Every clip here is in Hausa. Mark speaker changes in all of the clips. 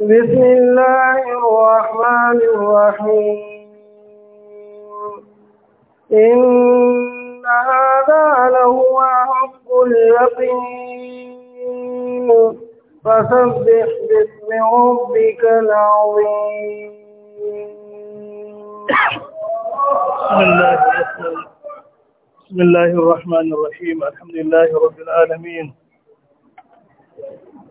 Speaker 1: بسم الله الرحمن الرحيم إن هذا لهو حق اليقين فسبح باسم ربك العظيم بسم الله,
Speaker 2: بسم الله الرحمن الرحيم الحمد لله رب العالمين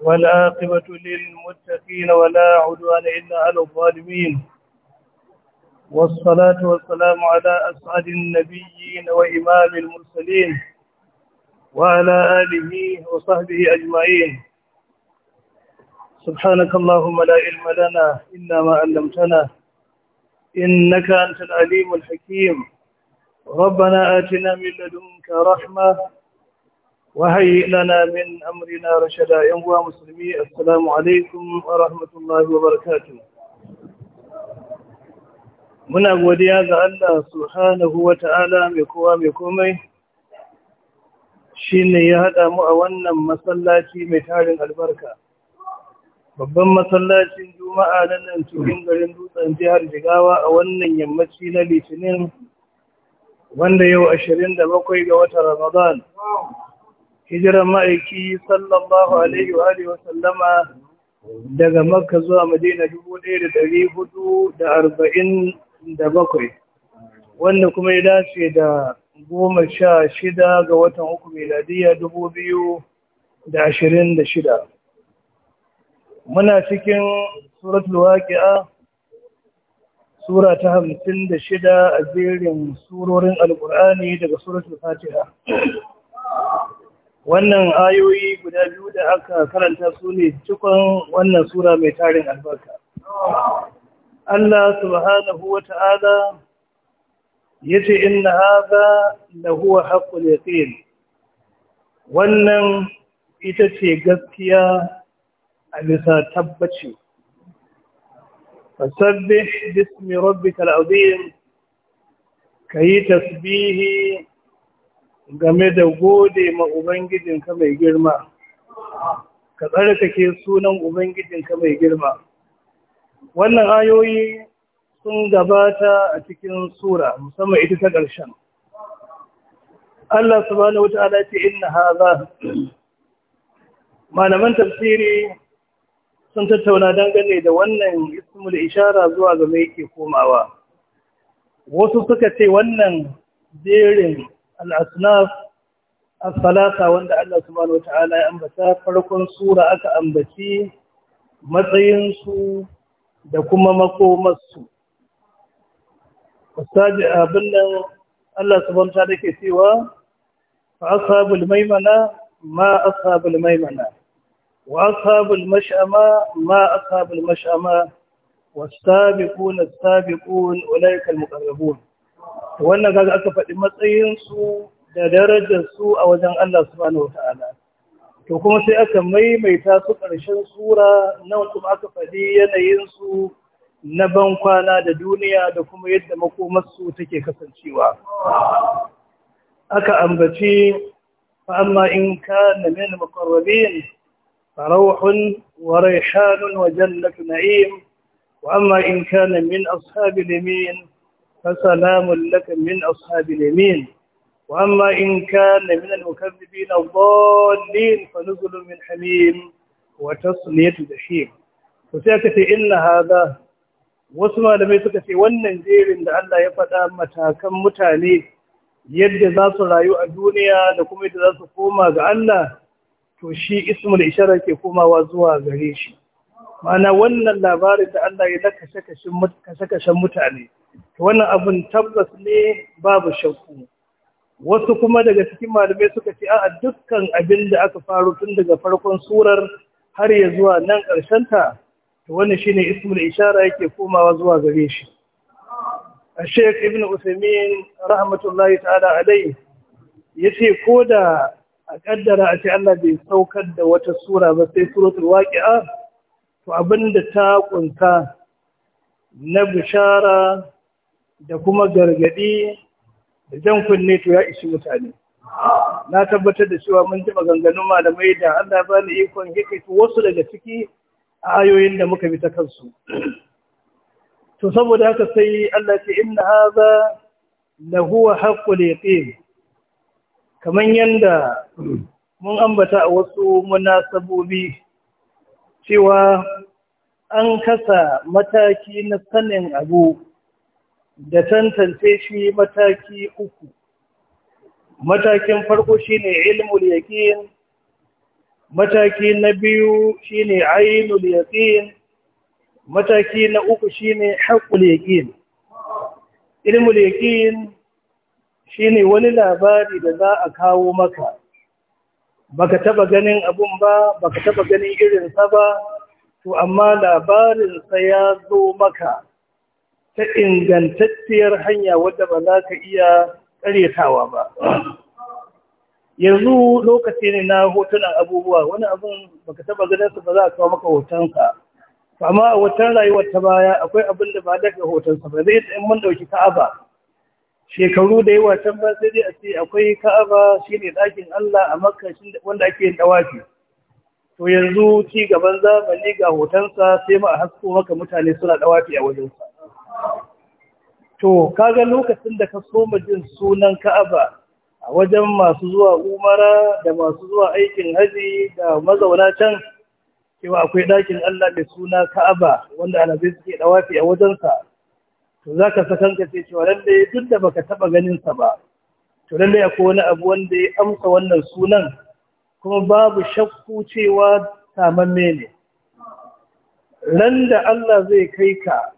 Speaker 2: والعاقبة للمتقين ولا عدوان إلا على الظالمين والصلاة والسلام على أسعد النبيين وإمام المرسلين وعلى آله وصحبه أجمعين سبحانك اللهم لا علم لنا إلا ما علمتنا إنك أنت العليم الحكيم ربنا آتنا من لدنك رحمة وهيئ لنا من أمرنا رشدا ينبوى مسلمي السلام عليكم ورحمة الله وبركاته muna godiya ga Allah subhanahu ta'ala mai kowa mai komai shine ya haɗa mu a wannan masallaci mai tarin albarka babban masallacin juma'a na nan cikin garin dutsen jihar jigawa a wannan yammaci na litinin
Speaker 1: wanda yau 27
Speaker 2: ga watan ramadan hijirar ma'aiki sallallahu alaihi wa alihi
Speaker 3: wasallama
Speaker 2: daga makka zuwa madina dubu ɗaya da ɗari da arba'in da bakwai wanda kuma ya dace da goma sha shida ga watan uku miladiyya dubu da ashirin shida muna cikin suratul waƙi'a sura ta hamsin da shida a jerin surorin alƙur'ani daga suratul fatiha wannan ayoyi guda biyu da aka karanta su ne cikon wannan sura mai tarin albarka Allah subhanahu wa ta'ala ya ce inna haza da huwa haƙƙul yaqin wannan ita ce gaskiya a bisa tabbaci fasabbih bismi rabbikal ka kayi tasbihi game da gode ma Ubangijin ka mai girma, ka tsarkake sunan Ubangijinka mai girma. Wannan ayoyi sun gabata a cikin Sura, musamman ita ta ƙarshen. Allah subhanahu ta'ala ce inna haza malaman tafsiri sun tattauna dangane da wannan ismul ishara zuwa ga mai yake komawa wasu suka ce wannan jerin al'asnaf asalata wanda Allah subhanahu wa ta'ala ya ambata farkon sura aka ambaci matsayinsu da kuma makomarsu. Wasaji abin nan Allah subhanahu wa ta'ala ke cewa fa ashabul maimana ma ashabul maimana wa ashabul mash'ama ma ashabul mash'ama wa sabiquna as-sabiqun ulaika al-muqarrabun wannan kaga aka faɗi matsayinsu da darajar su a wajen Allah subhanahu wata'ala to kuma sai aka maimaita su ƙarshen sura nan kuma aka faɗi yanayinsu na ban kwana da duniya da kuma yadda makomarsu take kasancewa
Speaker 4: aka ambaci fa amma in
Speaker 2: ka na min muqarrabin فروح na'im wa amma in ka na min ashabil yamin فسلام لك من أصحاب اليمين وأما إن كان من المكذبين الضالين فنزل من حميم وتصلية جحيم وسيكتي إن هذا wasu malamai suka ce wannan jerin da Allah ya faɗa matakan mutane yadda za su rayu a duniya da kuma yadda za su koma ga Allah to shi ismul ishara ke komawa zuwa gare shi mana wannan labarin da Allah ya na kashe-kashen mutane wannan abin tabbas ne babu shakku wasu kuma daga cikin malamai suka ce a dukkan abin da aka faru tun daga farkon surar har ya zuwa nan ƙarshen ta, to wannan shine ismul ishara yake komawa zuwa gare shi A Sheikh Ibn Uthaymeen rahmatullahi ta'ala alai yace da a kaddara a ce Allah bai saukar da wata sura ba sai suratul waqi'a to abinda ta kunta na bishara da kuma gargadi da jan kunne to ya ishi mutane na tabbatar da cewa mun ji maganganun malamai da Allah ba ni ikon yake wasu daga ciki ayoyin da muka bi ta kansu to saboda haka sai Allah ce inna hadha la huwa haqqul yaqin kaman yanda mun ambata a wasu munasabobi cewa an kasa mataki na sanin abu da tantance shi mataki uku matakin farko shine ilmul yaqin mataki na biyu shine ainul yaƙin, mataki na uku shine haqqul yaqin ilmul yaqin shine wani labari da za a kawo maka baka taba ganin abun ba baka taba ganin irinsa ba to amma labarinsa ya zo maka ta ingantacciyar hanya wadda ba za ka iya karyatawa ba yanzu lokaci ne na hotunan abubuwa wani abin ka taba ganin su ba za a kawo maka hotonsa amma a watan rayuwar ta baya akwai abin da ba daga hotonsa ba zai tsayin mun dauki ka'aba
Speaker 1: shekaru da yawa
Speaker 2: can ba sai dai a ce akwai ka'aba shine ɗakin Allah a makka wanda ake yin dawafi to yanzu ci gaban zamani ga hotonsa sai ma a hasko maka mutane suna ɗawafi a wajensa to kaga lokacin da ka soma jin sunan ka'aba a wajen masu zuwa umara da masu zuwa aikin haji da mazauna can cewa akwai ɗakin Allah mai suna ka'aba wanda alabai suke dawafi a wajensa to za ka sakan ka ce cewa lallai duk da baka taɓa ganinsa ba to lallai akwai wani abu wanda ya amsa wannan sunan kuma babu shakku cewa samamme ne randa da Allah zai kai ka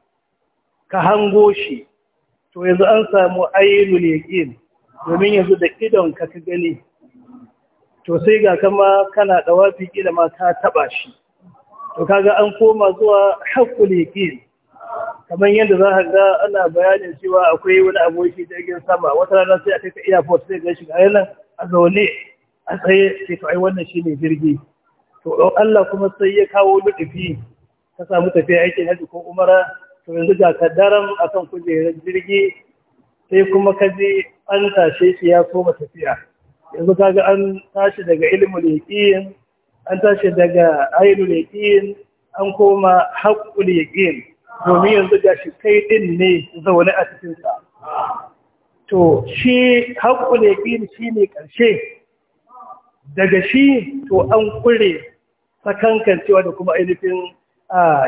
Speaker 2: ka hango shi to yanzu an samu ainul yaqin domin yanzu da idon ka ka gani to sai ga kama kana wafi kila ma ka taba shi to kaga an koma zuwa haqqul yaqin kamar yadda za ka ga ana bayanin cewa akwai wani aboki jirgin sama wata rana sai a kai ka airport sai ga shi ga yana a zaune a tsaye sai to ai wannan shine jirgi to Allah kuma sai ya kawo lutufi ka samu tafiya aikin haji ko umara to yanzu ga ka daram kan kujerar jirgi sai kuma ka je an tashe shi ya koma tafiya yanzu kaga an tashi daga ilimin yaqin an tashi daga ainihin yaqin an koma haqqul yaqin domin yanzu ga shi kai ɗin ne zaune a cikinsa. sa to shi haqqul shi ne ƙarshe, daga shi to an kure sakankancewa cewa da kuma ainihin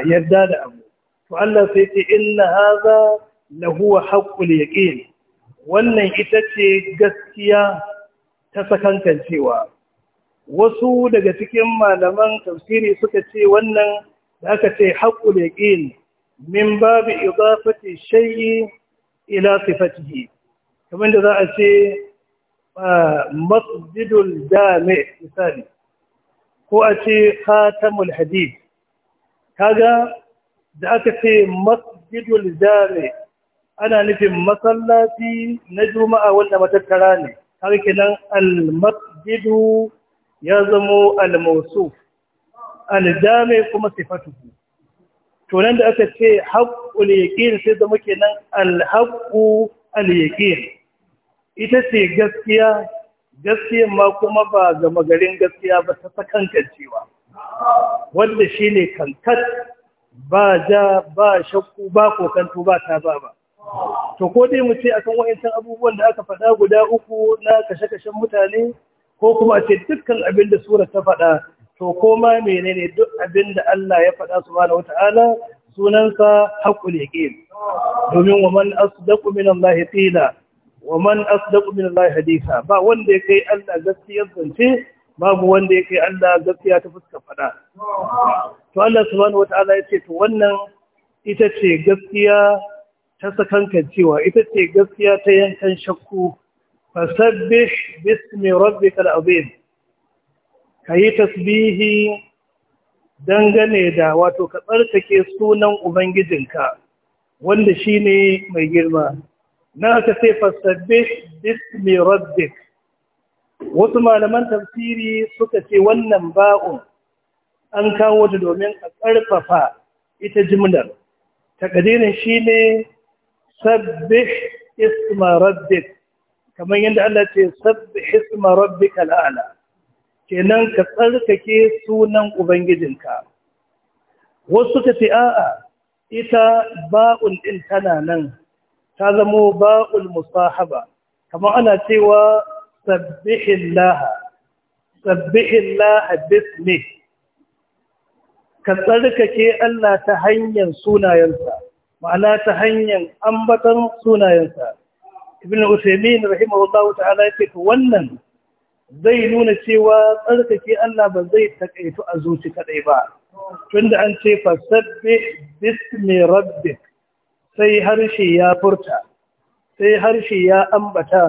Speaker 2: yarda da abu to Allah sai ce inna haza la huwa haqqul yaqin wannan ita ce gaskiya ta sakankancewa wasu daga cikin malaman tafsiri suka ce wannan da aka ce haqqul yaqin min babu idafati shay'i ila sifatihi kamar da za a ce masjidul jami misali ko a ce khatamul hadid kaga da aka ce masjidul jami ana nufin masallaci na juma'a wanda matattara ne har kenan al ya zamo al-mawsuf al kuma sifatuhu to nan da aka ce haqqul yaqin sai zama kenan al-haqqu al ita ce gaskiya gaskiya ma kuma ba gama garin gaskiya ba ta sakankancewa wanda shine kankat ba ja ba shakku ba kokanto ba ta ba ba to ko dai mu ce akan wayancin abubuwan da aka faɗa guda uku na kashe-kashen mutane ko kuma ce dukkan abin da sura ta faɗa to ko ma menene duk abin da Allah ya faɗa subhanahu wata'ala sunansa haqqul yaqin domin wa man asdaqu min Allah qila wa man asdaqu min Allah haditha ba wanda ya kai Allah gaskiya zance babu wanda ya kai Allah gaskiya ta fuska faɗa to Allah subhanahu wata'ala ya ce to wannan ita ce gaskiya ta sakankan cewa ita ce gaskiya ta yankan shakku fasabbih bismi rabbikal Ka kayi tasbihi dangane da wato ka tsarkake sunan ubangijinka wanda shi ne mai girma na ka sai fasabbih bismi rabbik wasu malaman tafsiri suka ce wannan ba'un an kawo ta domin a ƙarfafa ita jimlar takadirin shi ne sabbih isma rabbik kamar yadda Allah ce sabbih isma rabbika la'ala kenan ka tsarkake sunan ubangijinka wasu suka ce a'a ita ba'un din tana nan ta zamo ba'ul musahaba kamar ana cewa سبح الله سبح الله باسمه كتركك الله تهين سونا ينسى ma'ana ta hanyar ambatan sunayensa ibn usaimin rahimahullahu ta'ala yake to wannan zai nuna cewa tsarkake Allah ba zai takaitu a zuci kaɗai ba tunda an ce fasabbi bismi rabbik sai harshe ya furta sai harshe ya ambata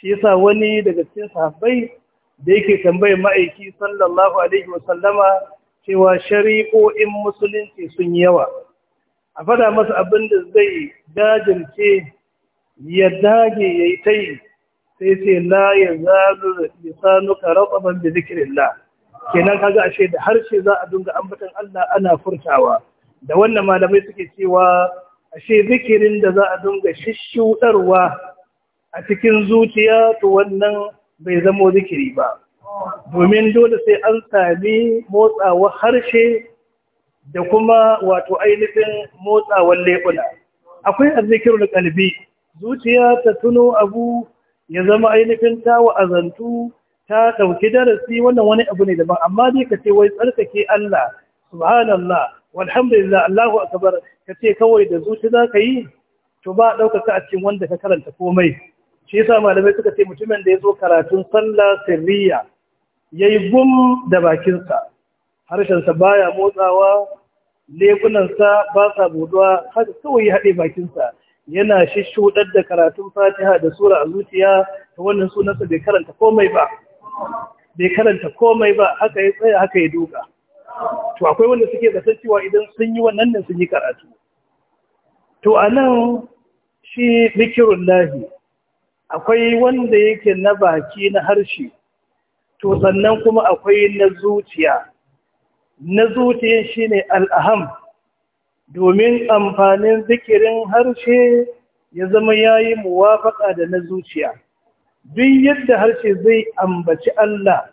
Speaker 2: shi yasa wani daga cikin sahabbai da yake tambayar ma'aiki sallallahu alaihi wasallama cewa shari'o'in musulunci sun yi yawa a fada masa abin da zai jajirce ya dage ya yi ta yi sai sai la ya zalu lisanuka da zikirin zikrillah kenan kaga ashe da harshe za a dunga ambatan Allah ana furtawa da wannan malamai suke cewa ashe zikirin da za a dunga shishudarwa a cikin zuciya to wannan bai zama zikiri ba domin dole sai an sami motsawa harshe da kuma wato ainihin motsawar leɓuna akwai da kalbi zuciya ta tuno abu ya zama ainihin ta wa'azantu ta ɗauki darasi wannan wani abu ne daban amma dai ka ce wai tsarkake Allah subhanallah walhamdulillah Allahu akbar ka ce kawai da zuci za ka yi to ba ɗaukaka a cikin wanda ka karanta komai shi yasa malamai suka ce mutumin da ya zo karatun sallah sirriya yayi gum da bakinsa harshensa baya motsawa lebunansa ba sa buduwa haɗe kawai ya haɗe bakinsa yana shishudar da karatun fatiha da sura a zuciya ta wannan sunansa bai karanta komai ba bai karanta komai ba haka ya tsaya haka ya duka to akwai wanda suke zaton cewa idan sun yi wannan ne sun yi karatu to anan shi zikirun lahi akwai wanda yake na baki na harshe to sannan kuma akwai na zuciya na zuciya shine al'aham domin amfanin zikirin harshe ya zama yayi muwafaka da na zuciya duk yadda harshe zai ambaci Allah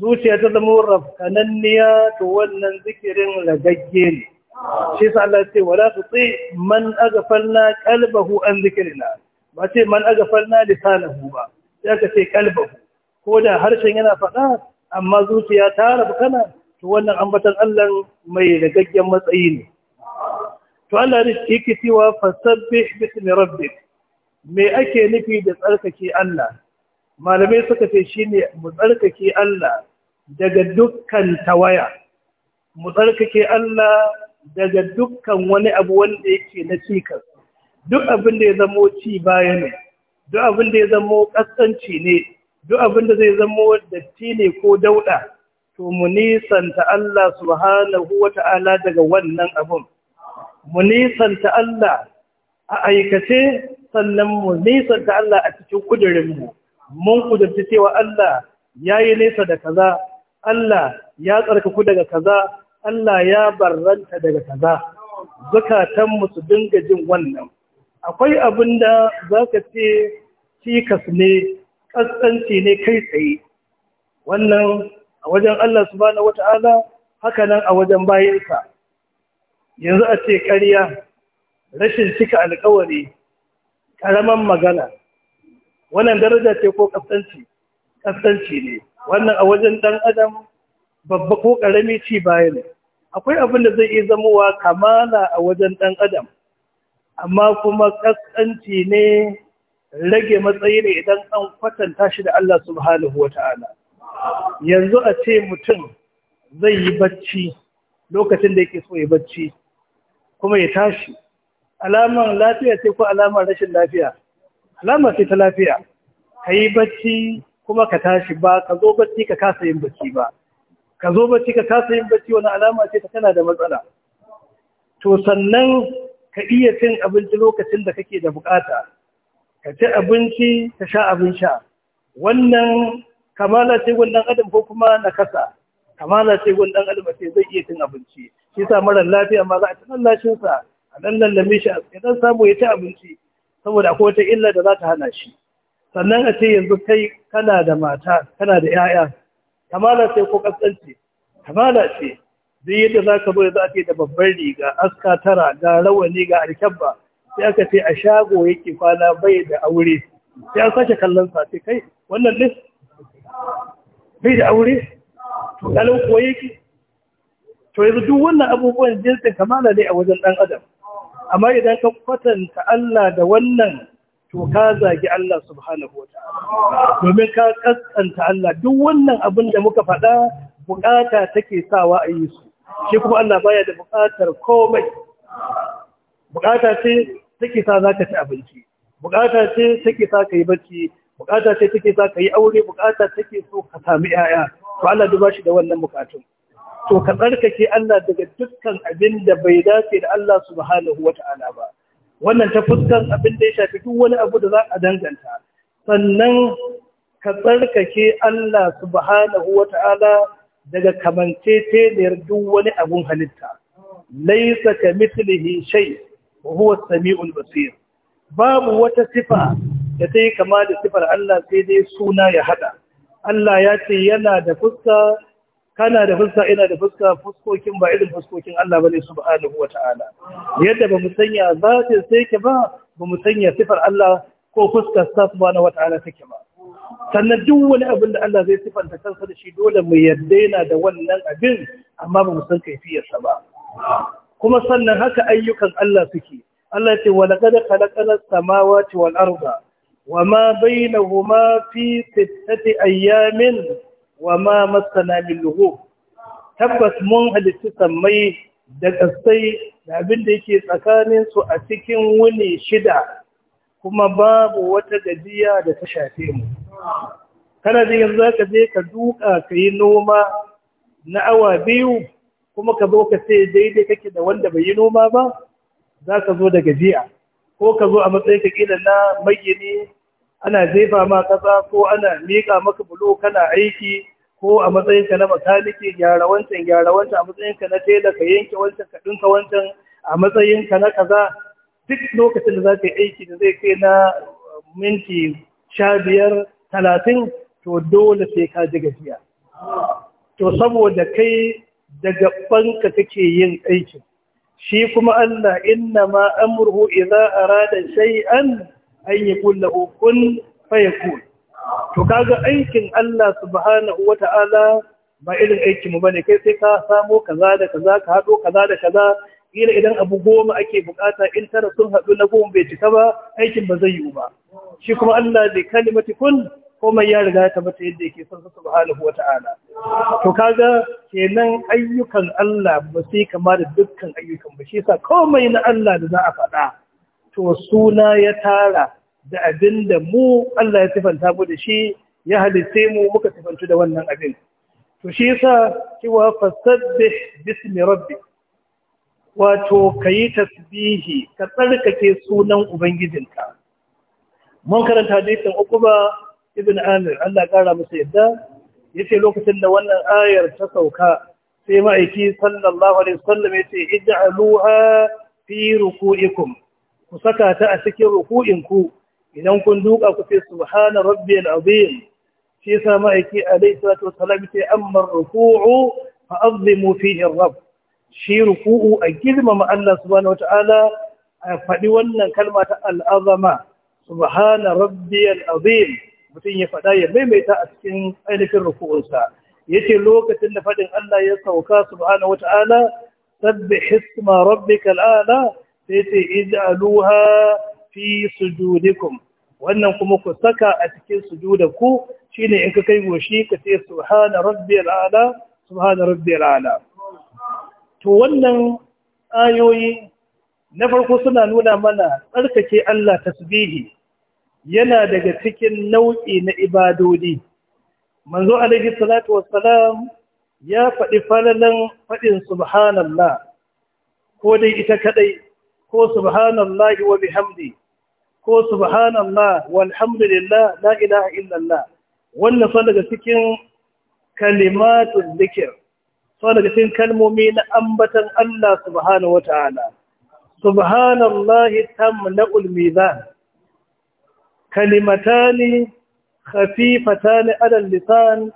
Speaker 2: zuciya ta zama rafkananniya to wannan zikirin lagagge ne shi sa Allah ce wala tuti man aghfalna qalbahu an zikrina ba ce man agafarna lisanahu ba ya aka ce kalbahu ko da harshen yana faɗa amma zuciya ta rabu kana to wannan ambatan Allah mai ragaggen matsayi ne to Allah ne yake cewa fasabbih bismi rabbik me ake nufi da tsarkake Allah malamai suka ce shine mu tsarkake Allah daga dukkan tawaya mu tsarkake Allah daga dukkan wani abu wanda yake na cikas duk abin da ya zamo ci baya ne duk abin da ya zamo kaskanci ne duk abin da zai zamo datti ne ko dauɗa, to mu nisanta Allah subhanahu Ta'ala daga wannan abin. mu nisanta Allah a aikace sannan mu nisanta Allah a cikin kudirinmu mun kudurci cewa Allah ya yi nesa da kaza Allah ya tsarka ku daga kaza Allah ya barranta daga kaza mu su dinga jin wannan akwai abin da za ka ce cikas ne ƙasƙanci ne kai tsaye wannan a wajen Allah subhanahu wata'ala haka nan a wajen bayansa yanzu a ce ƙarya rashin cika alkawari ƙaraman magana wannan daraja ce ko ƙasƙanci ƙasƙanci ne wannan a wajen ɗan adam babba ko ƙarami ci bayan. akwai abin da zai iya zamowa kamala a wajen ɗan adam amma kuma kaskanci ne rage matsayi ne idan an kwatanta shi da Allah subhanahu wa ta'ala yanzu a ce mutum zai yi bacci lokacin da yake so ya bacci kuma ya tashi alamar lafiya ce ko alamar rashin lafiya alamar ce ta lafiya ka yi bacci kuma ka tashi ba ka zo bacci ka kasa yin bacci ba ka zo bacci ka kasa yin bacci wani alama ce ta tana da matsala to sannan ka iya cin abinci lokacin da kake da bukata ka ci abinci ka sha abin sha wannan kamala ce wannan adam ko kuma nakasa kamala ce wannan adam ce zai iya cin abinci shi sa mara lafiya ma za a ci lallashin a dan lallame shi a dan samu ya ci abinci saboda akwai wata illa da za ta hana shi sannan a ce yanzu kai kana da mata kana da 'ya'ya kamala ce ko kasance kamala ce duk yadda za ka za a ake da babbar riga aska tara ga rawani ga alkyabba sai aka ce a shago yake kwana bai da aure sai an sake kallon sa sai kai wannan ne bai da aure to kalin kuwa yake to yanzu duk wannan abubuwan jinsin kamala ne a wajen dan adam amma idan ka kwatanta Allah da wannan to ka zagi Allah subhanahu wa
Speaker 1: ta'ala
Speaker 2: domin ka kaskanta Allah duk wannan abin da muka faɗa bukata take sawa a yi su shi kuma Allah baya da buƙatar komai buƙata ce take sa za ka ci abinci buƙata ce take sa ka yi bacci buƙata ce take sa ka yi aure buƙata take so ka sami yaya to Allah duba shi da wannan buƙatun to ka tsarkake Allah daga dukkan abin da bai dace da Allah subhanahu wata'ala ba wannan ta fuskan abin da ya shafi duk wani abu da za a danganta sannan ka tsarkake Allah subhanahu wata'ala daga da duk wani abun halitta laisa ka mislihi shay wa huwa as-sami'ul basir babu wata sifa da ta yi kama da sifar Allah sai dai suna ya haɗa. Allah ya ce yana da fuska kana da fuska ina da fuska fuskokin ba irin fuskokin Allah bane subhanahu wata'ala yadda ba mu sanya zatin sai ke ba ba mu sanya sifar Allah ko fuskar sa subhanahu wata'ala take ba sannan duk wani abin da Allah zai sifanta kansa da shi dole mu yadda yana da wannan abin amma ba mu san kaifiyarsa ba kuma sannan haka ayyukan Allah suke Allah ce wa laqad khalaqana samawati wal arda wama bainahuma fi sittati ayamin wama massana min lughub tabbas mun halitta samai da kasai da abin da yake tsakanin su a cikin wuni shida kuma babu wata gajiya da ta shafe mu kana jin yanzu zaka je ka duka ka yi noma na awa biyu kuma ka zo ka ce daidai kake da wanda bai yi noma ba za ka zo da gajiya ko ka zo a matsayin kakila na magini ana jefa ma kasa ko ana miƙa maka bulo kana aiki ko a matsayin ka na makaniki gyara wancan gyara wancan a matsayin ka na tela ka yanke wancan ka dinka wancan a matsayin ka na kaza duk lokacin da za ka yi aiki da zai kai na minti sha biyar talatin to dole sai ka ji gajiya to saboda kai daga banka kake yin aikin shi kuma Allah inna ma amruhu idza arada shay'an an yaqul lahu kun fayakun to kaga aikin Allah subhanahu wata'ala ba irin aikin mu bane kai sai ka samo kaza da kaza ka hado kaza da kaza kila idan abu goma ake bukata in tara sun haɗu na goma bai cika ba aikin ba zai yiwu ba shi kuma Allah zai kalimati kun komai ya riga ta mata yadda yake son su subhanahu ta'ala. to kaga kenan ayyukan Allah ba sai kama da dukkan ayyukan ba shi yasa komai na Allah da za a faɗa to suna ya tara da abin da mu Allah ya sifanta mu da shi ya halitte mu muka sifantu da wannan abin to shi yasa cewa fasabbih bismi rabbik wato ka yi tasbihi ka tsarkake sunan ubangijinka mun karanta hadisin ba, ibn amir Allah kara masa yadda yace lokacin da wannan ayar ta sauka sai ma'aiki sallallahu alaihi wasallam yace ij'aluha fi ruku'ikum ku saka ta a cikin ruku'inku idan kun duka ku ce subhana rabbiyal azim Sai sa ma'aiki alaihi salatu wasallam yace amma ruku'u fa azimu fihi rabb shi ruku'u a girmama Allah subhanahu wata'ala a faɗi wannan kalma ta al'azama subhana rabbiyal azim mutum ya faɗa ya maimaita a cikin ainihin ruku'unsa yace lokacin da faɗin Allah ya sauka subhanahu wata'ala sabbih isma rabbikal a'la sai ce ij'aluha fi sujudikum wannan kuma ku saka a cikin ku shine in ka kai goshi ka ce subhana rabbiyal a'la subhana rabbiyal a'la to wannan ayoyi na farko suna nuna mana tsarkake Allah tasbihi yana daga cikin nau'i na ibadodi manzo alaihi salatu wassalam ya faɗi falalan faɗin subhanallah ko dai ita kadai ko subhanallah wa bihamdi ko subhanallah walhamdulillah la ilaha illallah wannan fa daga cikin kalimatun zikir sau daga cikin kalmomi na ambatan Allah subhanahu wata'ala subhanallahi tamla'ul mizan kalimatani khafifatani ala lisan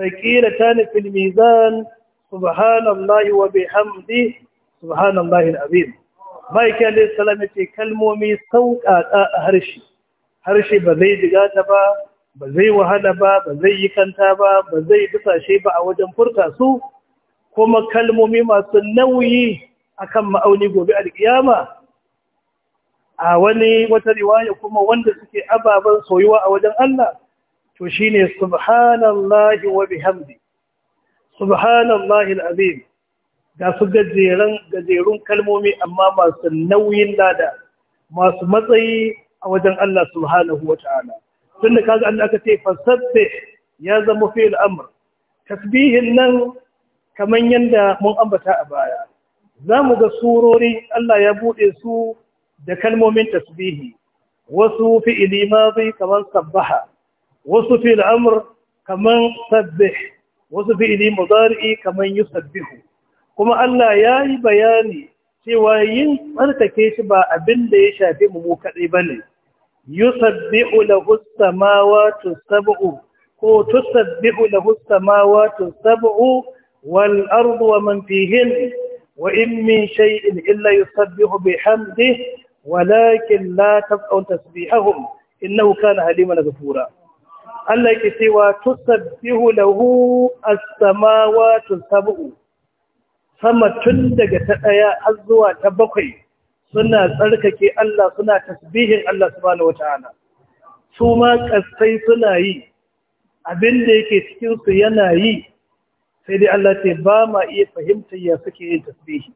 Speaker 2: thaqilatani fil mizan subhanallahi wa bihamdi subhanallahi al-azim alayhi salam yace kalmomi sauƙaƙa a harshe harshe ba zai diga ta ba ba zai wahala ba ba zai yi kanta ba ba zai dusashe ba a wajen furta su kuma kalmomi masu nauyi akan ma'auni gobe alkiyama a wani wata riwaya kuma wanda suke ababen soyuwa a wajen Allah to shine subhanallahi wa bihamdi subhanallahi alazim ga su gajeren gajerun kalmomi amma masu nauyin lada masu matsayi a wajen Allah subhanahu wata'ala tunda kaga Allah aka ce fasabbih ya zama fi'il amr tasbihin nan kamar yadda mun ambata a baya za mu ga surori Allah ya buɗe su da kalmomin tasbihi wasu fi'ili mazi kamar sabbaha wasu fi amr kamar sabbih wasu fi'ili muzari'i kamar sabbihu. kuma Allah ya yi bayani cewa yin tsarkake shi ba abin da ya shafi mu kaɗai ba ne yusabbihu lahu samawati sab'u ko tusabbihu lahu samawati sab'u والأرض ومن فيهن وإن من شيء إلا يسبح بحمده ولكن لا تفقوا تسبيحهم إنه كان حليما غفورا الله يكسوى تسبح له السماوات السبع sama tun daga ta ɗaya har zuwa ta bakwai suna tsarkake Allah suna tasbihin Allah subhanahu wata'ala su ma suna yi abin da cikinsu yana yi sai dai Allah ce ba ma iya fahimtar ya suke yin tasbihi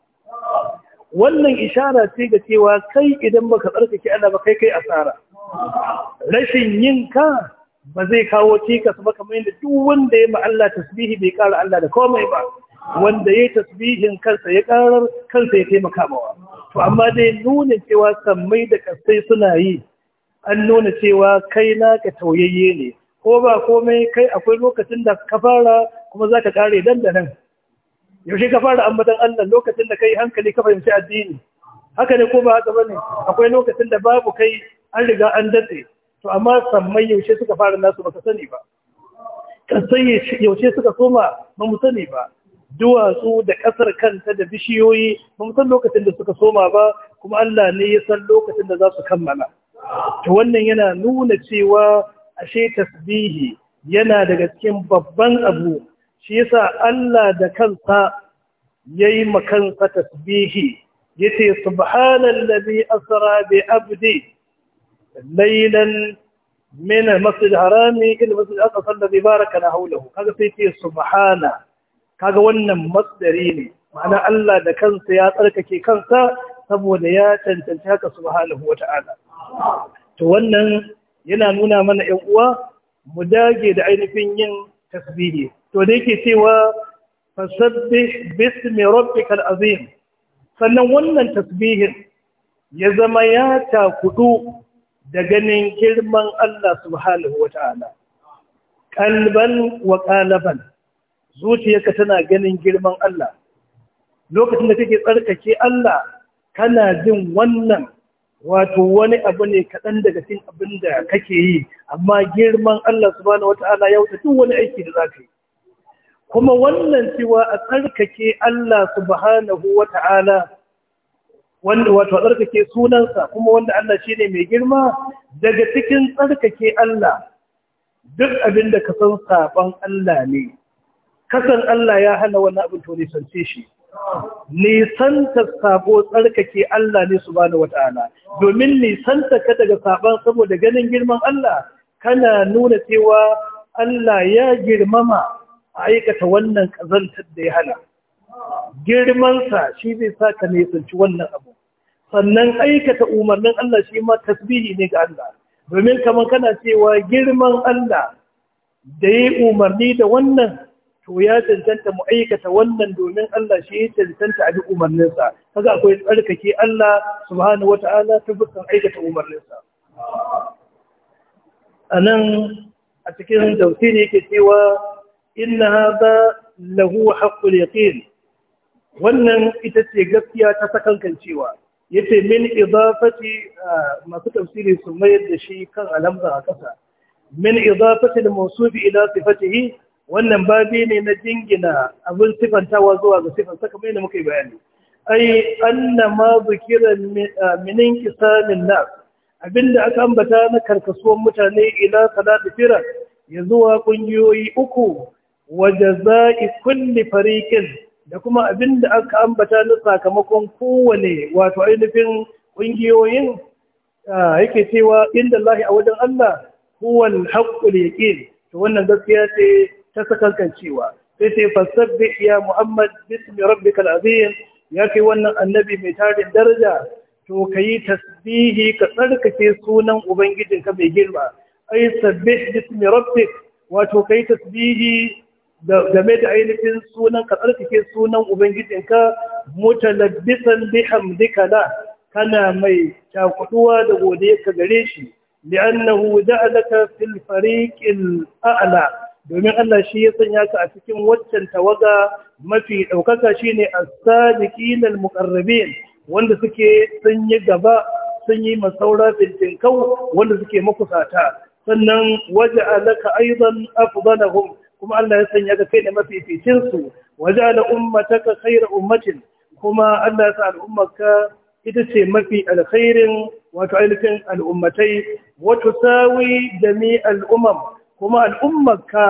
Speaker 2: wannan ishara ce ga cewa kai idan baka tsarkake Allah ba kai kai asara rashin yin ka ba zai kawo cikas ba kamar yadda duk wanda ya ma Allah tasbihi bai kara Allah da komai ba wanda ya yi tasbihin kansa ya karar kansa ya taimaka mawa to amma dai nuna cewa sammai da kasai suna yi an nuna cewa kai ka tauyayye ne ko ba komai kai akwai lokacin da ka fara kuma za ka kare dandanan yaushe ka fara ambatan Allah lokacin da kai hankali ka fahimci addini haka ne ko ba haka bane akwai lokacin da babu kai an riga an datse to amma sammai yaushe suka fara nasu baka sani ba sai yaushe suka soma ba mu sani ba duwatsu da ƙasar kanta da bishiyoyi ba mu san lokacin da suka soma ba kuma Allah ne ya san lokacin da za su kammala to wannan yana nuna cewa ashe tasbihi yana daga cikin babban abu shi yasa Allah da kansa yayi makansa tasbihi yace subhanallazi asra bi abdi laylan min al-masjid harami ila masjid al-aqsa alladhi barakana hawlahu kaga sai yace subhana kaga wannan masdari ne ma'ana Allah da kansa ya tsarkake kansa saboda ya cancanci haka subhanahu wata'ala to wannan yana nuna mana ‘yan uwa mu dage da ainihin yin tasbihi to da yake cewa fasabbih bismi rabbikal azim sannan wannan tasbihin ya zama ya kudu da ganin girman Allah subhanahu wata'ala kalban wa qalaban zuciyarka tana ganin girman Allah lokacin da kake tsarkake Allah kana jin wannan wato wani abu ne kaɗan daga cikin abin da kake yi amma girman Allah subhanahu wata'ala ya wuce duk wani aiki da zaka yi kuma wannan cewa a tsarkake Allah subhanahu wata'ala wanda wato a tsarkake sunansa kuma wanda Allah shi ne mai girma daga cikin tsarkake Allah duk abin da ka san sabon Allah ne kasan Allah ya hana wani abin to ne sance shi nisanta sabo tsarkake Allah ne su bani wata'ala domin nisanta ka daga sabon saboda ganin girman Allah kana nuna cewa Allah ya girmama a aikata wannan kazantar da ya hana girmansa shi zai sa ka nisanci wannan abu sannan aikata umarnin Allah shi ma tasbihi ne ga Allah domin kamar kana cewa girman Allah da ya umarni da wannan to ya cancanta mu aikata wannan domin Allah shi ya cancanta a bi umarninsa kaga akwai tsarkake Allah subhanahu wata'ala ta fuskan aikata umarninsa a nan a cikin ne yake cewa inna hadha lahu haqqul yaqin wannan ita ce gaskiya ta sakankan cewa yace min idafati masu tafsiri su mayar da shi kan alhamza a kasa min idafati al-mawsuf ila sifatihi wannan babi ne na jingina abin sifantawa zuwa ga sifan saka mai da muka yi bayani ai anna ma zikira minin kisamin nas abinda aka ambata na karkasuwan mutane ila salatu fira ya zuwa kungiyoyi uku wa jazai kulli fariqin da kuma abinda aka ambata na sakamakon kowane wato ainihin kungiyoyin yake cewa inda Allah a wajen Allah huwal haqqul yaqin to wannan gaskiya ce ta sakankancewa sai ta yi fasabbi iya muhammad bismi rabbikal azim ya kai wannan annabi mai tarin daraja to ka yi tasbihi ka tsarkake sunan ubangijinka mai girma ai sabbi bismi rabbik wato ka yi tasbihi game da ainihin sunan ka tsarkake sunan ubangijinka mutalabbisan bi hamdika kana mai takuduwa da ka gare shi li'annahu ja'alaka fil fariqil a'la domin Allah shi ya sanya ka a cikin waccan tawaga mafi ɗaukaka shine as-sadiqin al-muqarrabin wanda suke sanyi gaba sun yi masaura kau wanda suke makusata sannan waje alaka aizan afdalahum kuma Allah ya sanya ka kai ne mafificin su waje ala ummataka khayra ummatin kuma Allah ya sa al'ummarka ita ce mafi alkhairin wato ainihin al'ummatai wato sawi jami al'umam kuma al'ummarka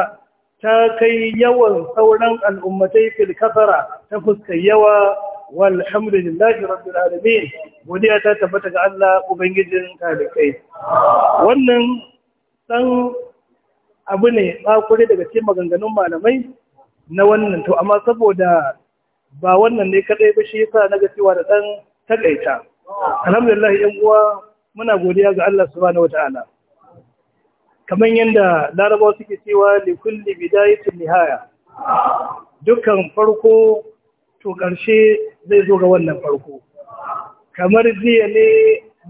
Speaker 2: ta kai yawan sauran al'ummatai fil kasara ta fuskar yawa walhamdulillahi rabbil alamin godiya ta tabbata ga Allah ubangijin kai. wannan san abu ne bakure daga cikin maganganun malamai na wannan to amma saboda ba wannan ne kaɗai ba shi yasa na cewa da ɗan takaita alhamdulillah yan uwa muna godiya ga Allah subhanahu wataala kamar yadda Laraba suke cewa likulli kulli bidayatin nihaya dukkan farko to ƙarshe zai zo ga wannan farko kamar jiya ne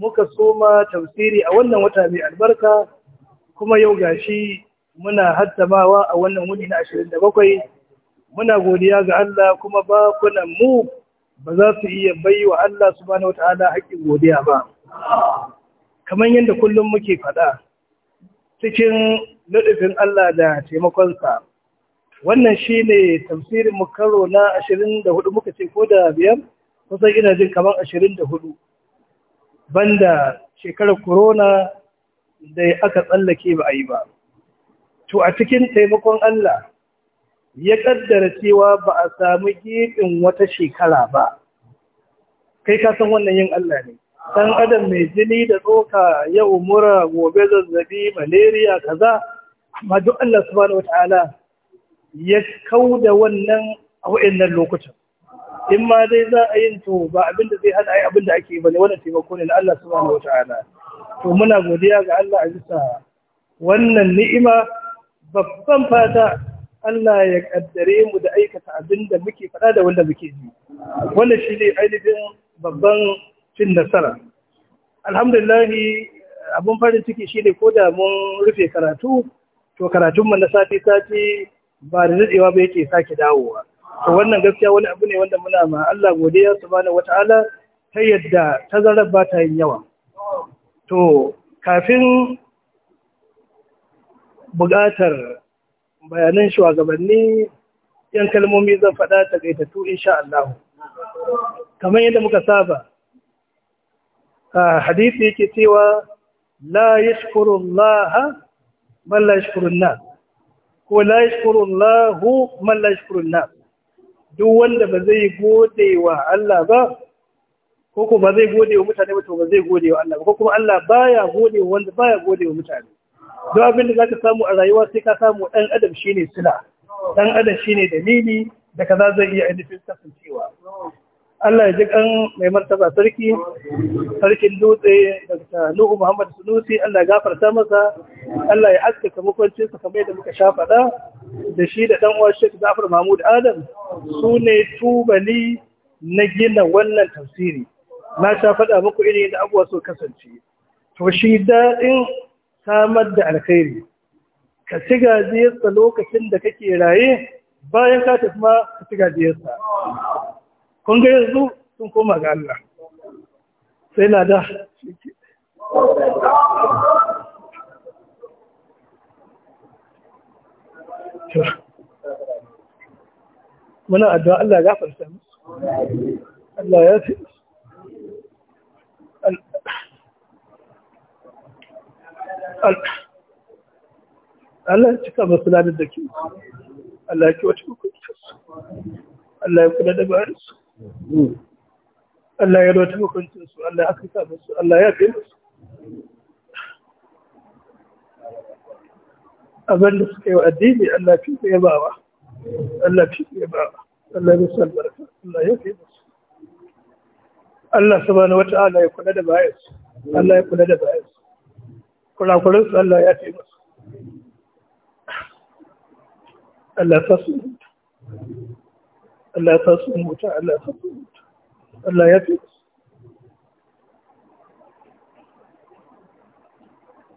Speaker 2: muka soma tafsiri a wannan wata mai albarka kuma yau gashi muna haddamawa a wannan wuni na 27 muna godiya ga Allah kuma bakunan mu ba za su iya bayi wa Allah subhanahu wataala haƙƙin godiya ba kamar yadda kullum muke faɗa cikin nadifin Allah da taimakonsa wannan shi ne tafsirin na karo na hudu muka ce ko da biyar kusan ina jin kamar ashirin da hudu, banda shekarar korona da aka tsallake ba a yi ba to a cikin taimakon Allah ya kaddara cewa ba a sami gefin wata shekara ba kai kasan wannan yin Allah ne Dan adam mai jini da tsoka yau, mura, gobe zazzabi malaria kaza amma duk Allah subhanahu wata'ala ya kau da wannan a wa'annan lokutan in ma dai za a yin to ba abin da zai hada ai abin da ake yi bane wannan taimako ne na Allah subhanahu wata'ala to muna godiya ga Allah a bisa wannan ni'ima babban fata Allah ya kaddare mu da aikata abin da muke faɗa da wanda muke ji wannan ne ainihin babban cin nasara alhamdulillahi abun farin ciki shine ko da mun rufe karatu to karatunmu na sati-sati ba da daɗewa ba yake sake dawowa to wannan gaskiya wani abu ne wanda muna ma Allah godiya wata wata'ala ta yadda tazarar ba ta yin yawa to kafin buƙatar bayanan shugabanni yan kalmomi zan faɗa ta gaitattu insha Allah kamar yadda muka saba hadisi yake cewa la yashkuru Allah man la yashkuru nas ko la yashkuru Allah man la yashkuru nas duk wanda ba zai gode wa Allah ba ko kuma zai gode wa mutane ba to ba zai gode wa Allah ba ko kuma Allah baya gode wa wanda baya gode wa mutane duk abin da zaka samu a rayuwa sai ka samu dan adam shine sila dan adam shine dalili da kaza zai iya ainihin
Speaker 1: kasancewa
Speaker 2: Allah ya ji kan mai martaba sarki sarkin dutse daga Nuhu Muhammad Sunusi Allah ya gafarta masa Allah ya haskaka makwancin sa kamar da muka sha faɗa da shi da dan uwan Sheikh Zafar Mahmud Adam sune tubali na gina wannan tafsiri na sha faɗa muku irin da abuwa so kasance to shi daɗin samar da alkhairi ka ci gajiyarsa lokacin da kake raye bayan ka tafi ma ka ci gajiyarsa kun ga yanzu sun koma ga Allah sai na da muna addu'a Allah ya gafarta musu Allah ya fi Allah ya cika masu ladar da ke Allah ya ki wata kuka Allah ya kula da bayansu Allah ya lota hukuncin su Allah ya kasa musu Allah ya fi musu abin da suka yi wa addini Allah fi su yabawa Allah fi su yabawa Allah ya san barka, Allah ya fi musu Allah subhanahu wata'ala ya kula da bayan Allah ya kula da Kula kula su Allah ya fi musu Allah ya su Allah ya sa su mutu Allah ya sa su mutu Allah ya fi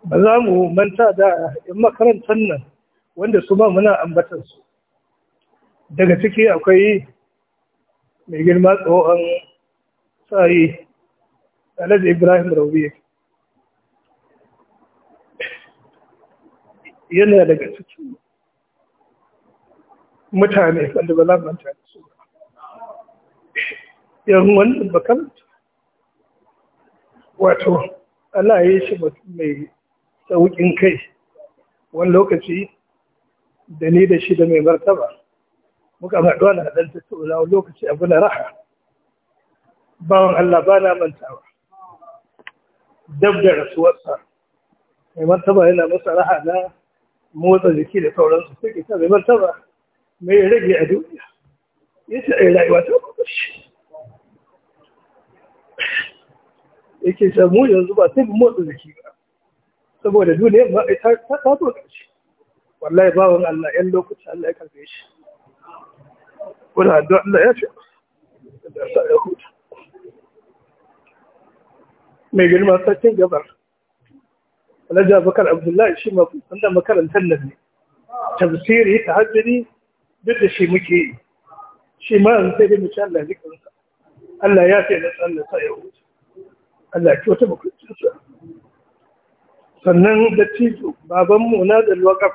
Speaker 2: ba za mu manta da yan makarantar nan wanda su ma muna ambatar su daga ciki akwai mai girma tsohon sa'ayi. alhaji ibrahim rauwe yana daga ciki mutane wanda ba za manta yan wannan makamta wato Allah ya yi shi mutum mai sauƙin kai wani lokaci da ni da shi da mai martaba muka faɗuwa na ɗan tattauna wani lokaci abu na raha bawan Allah ba na mantawa dab da rasuwarsa mai martaba yana masa raha na motsa jiki da sauransu suke ta mai martaba mai rage a duniya ya ce a yi rayuwa ta yake cewa mu yanzu ba sai mu motsa jiki ba saboda duniya ba ta ta so ƙarshe wallahi bawan Allah yan lokaci Allah ya karbe shi kuna addu'a Allah ya ce
Speaker 1: ya huta
Speaker 2: mai girma sarkin gabar Alhaji Abubakar Abdullahi shi ma wanda makarantar nan ne tafsiri ta tahajjudi duk da shi muke yi
Speaker 4: shi ma yanzu sai dai
Speaker 2: mu ci Allah ya Allah ya ce na sallah sai ya huta Allah ki wata sannan da cizo babanmu na da wakaf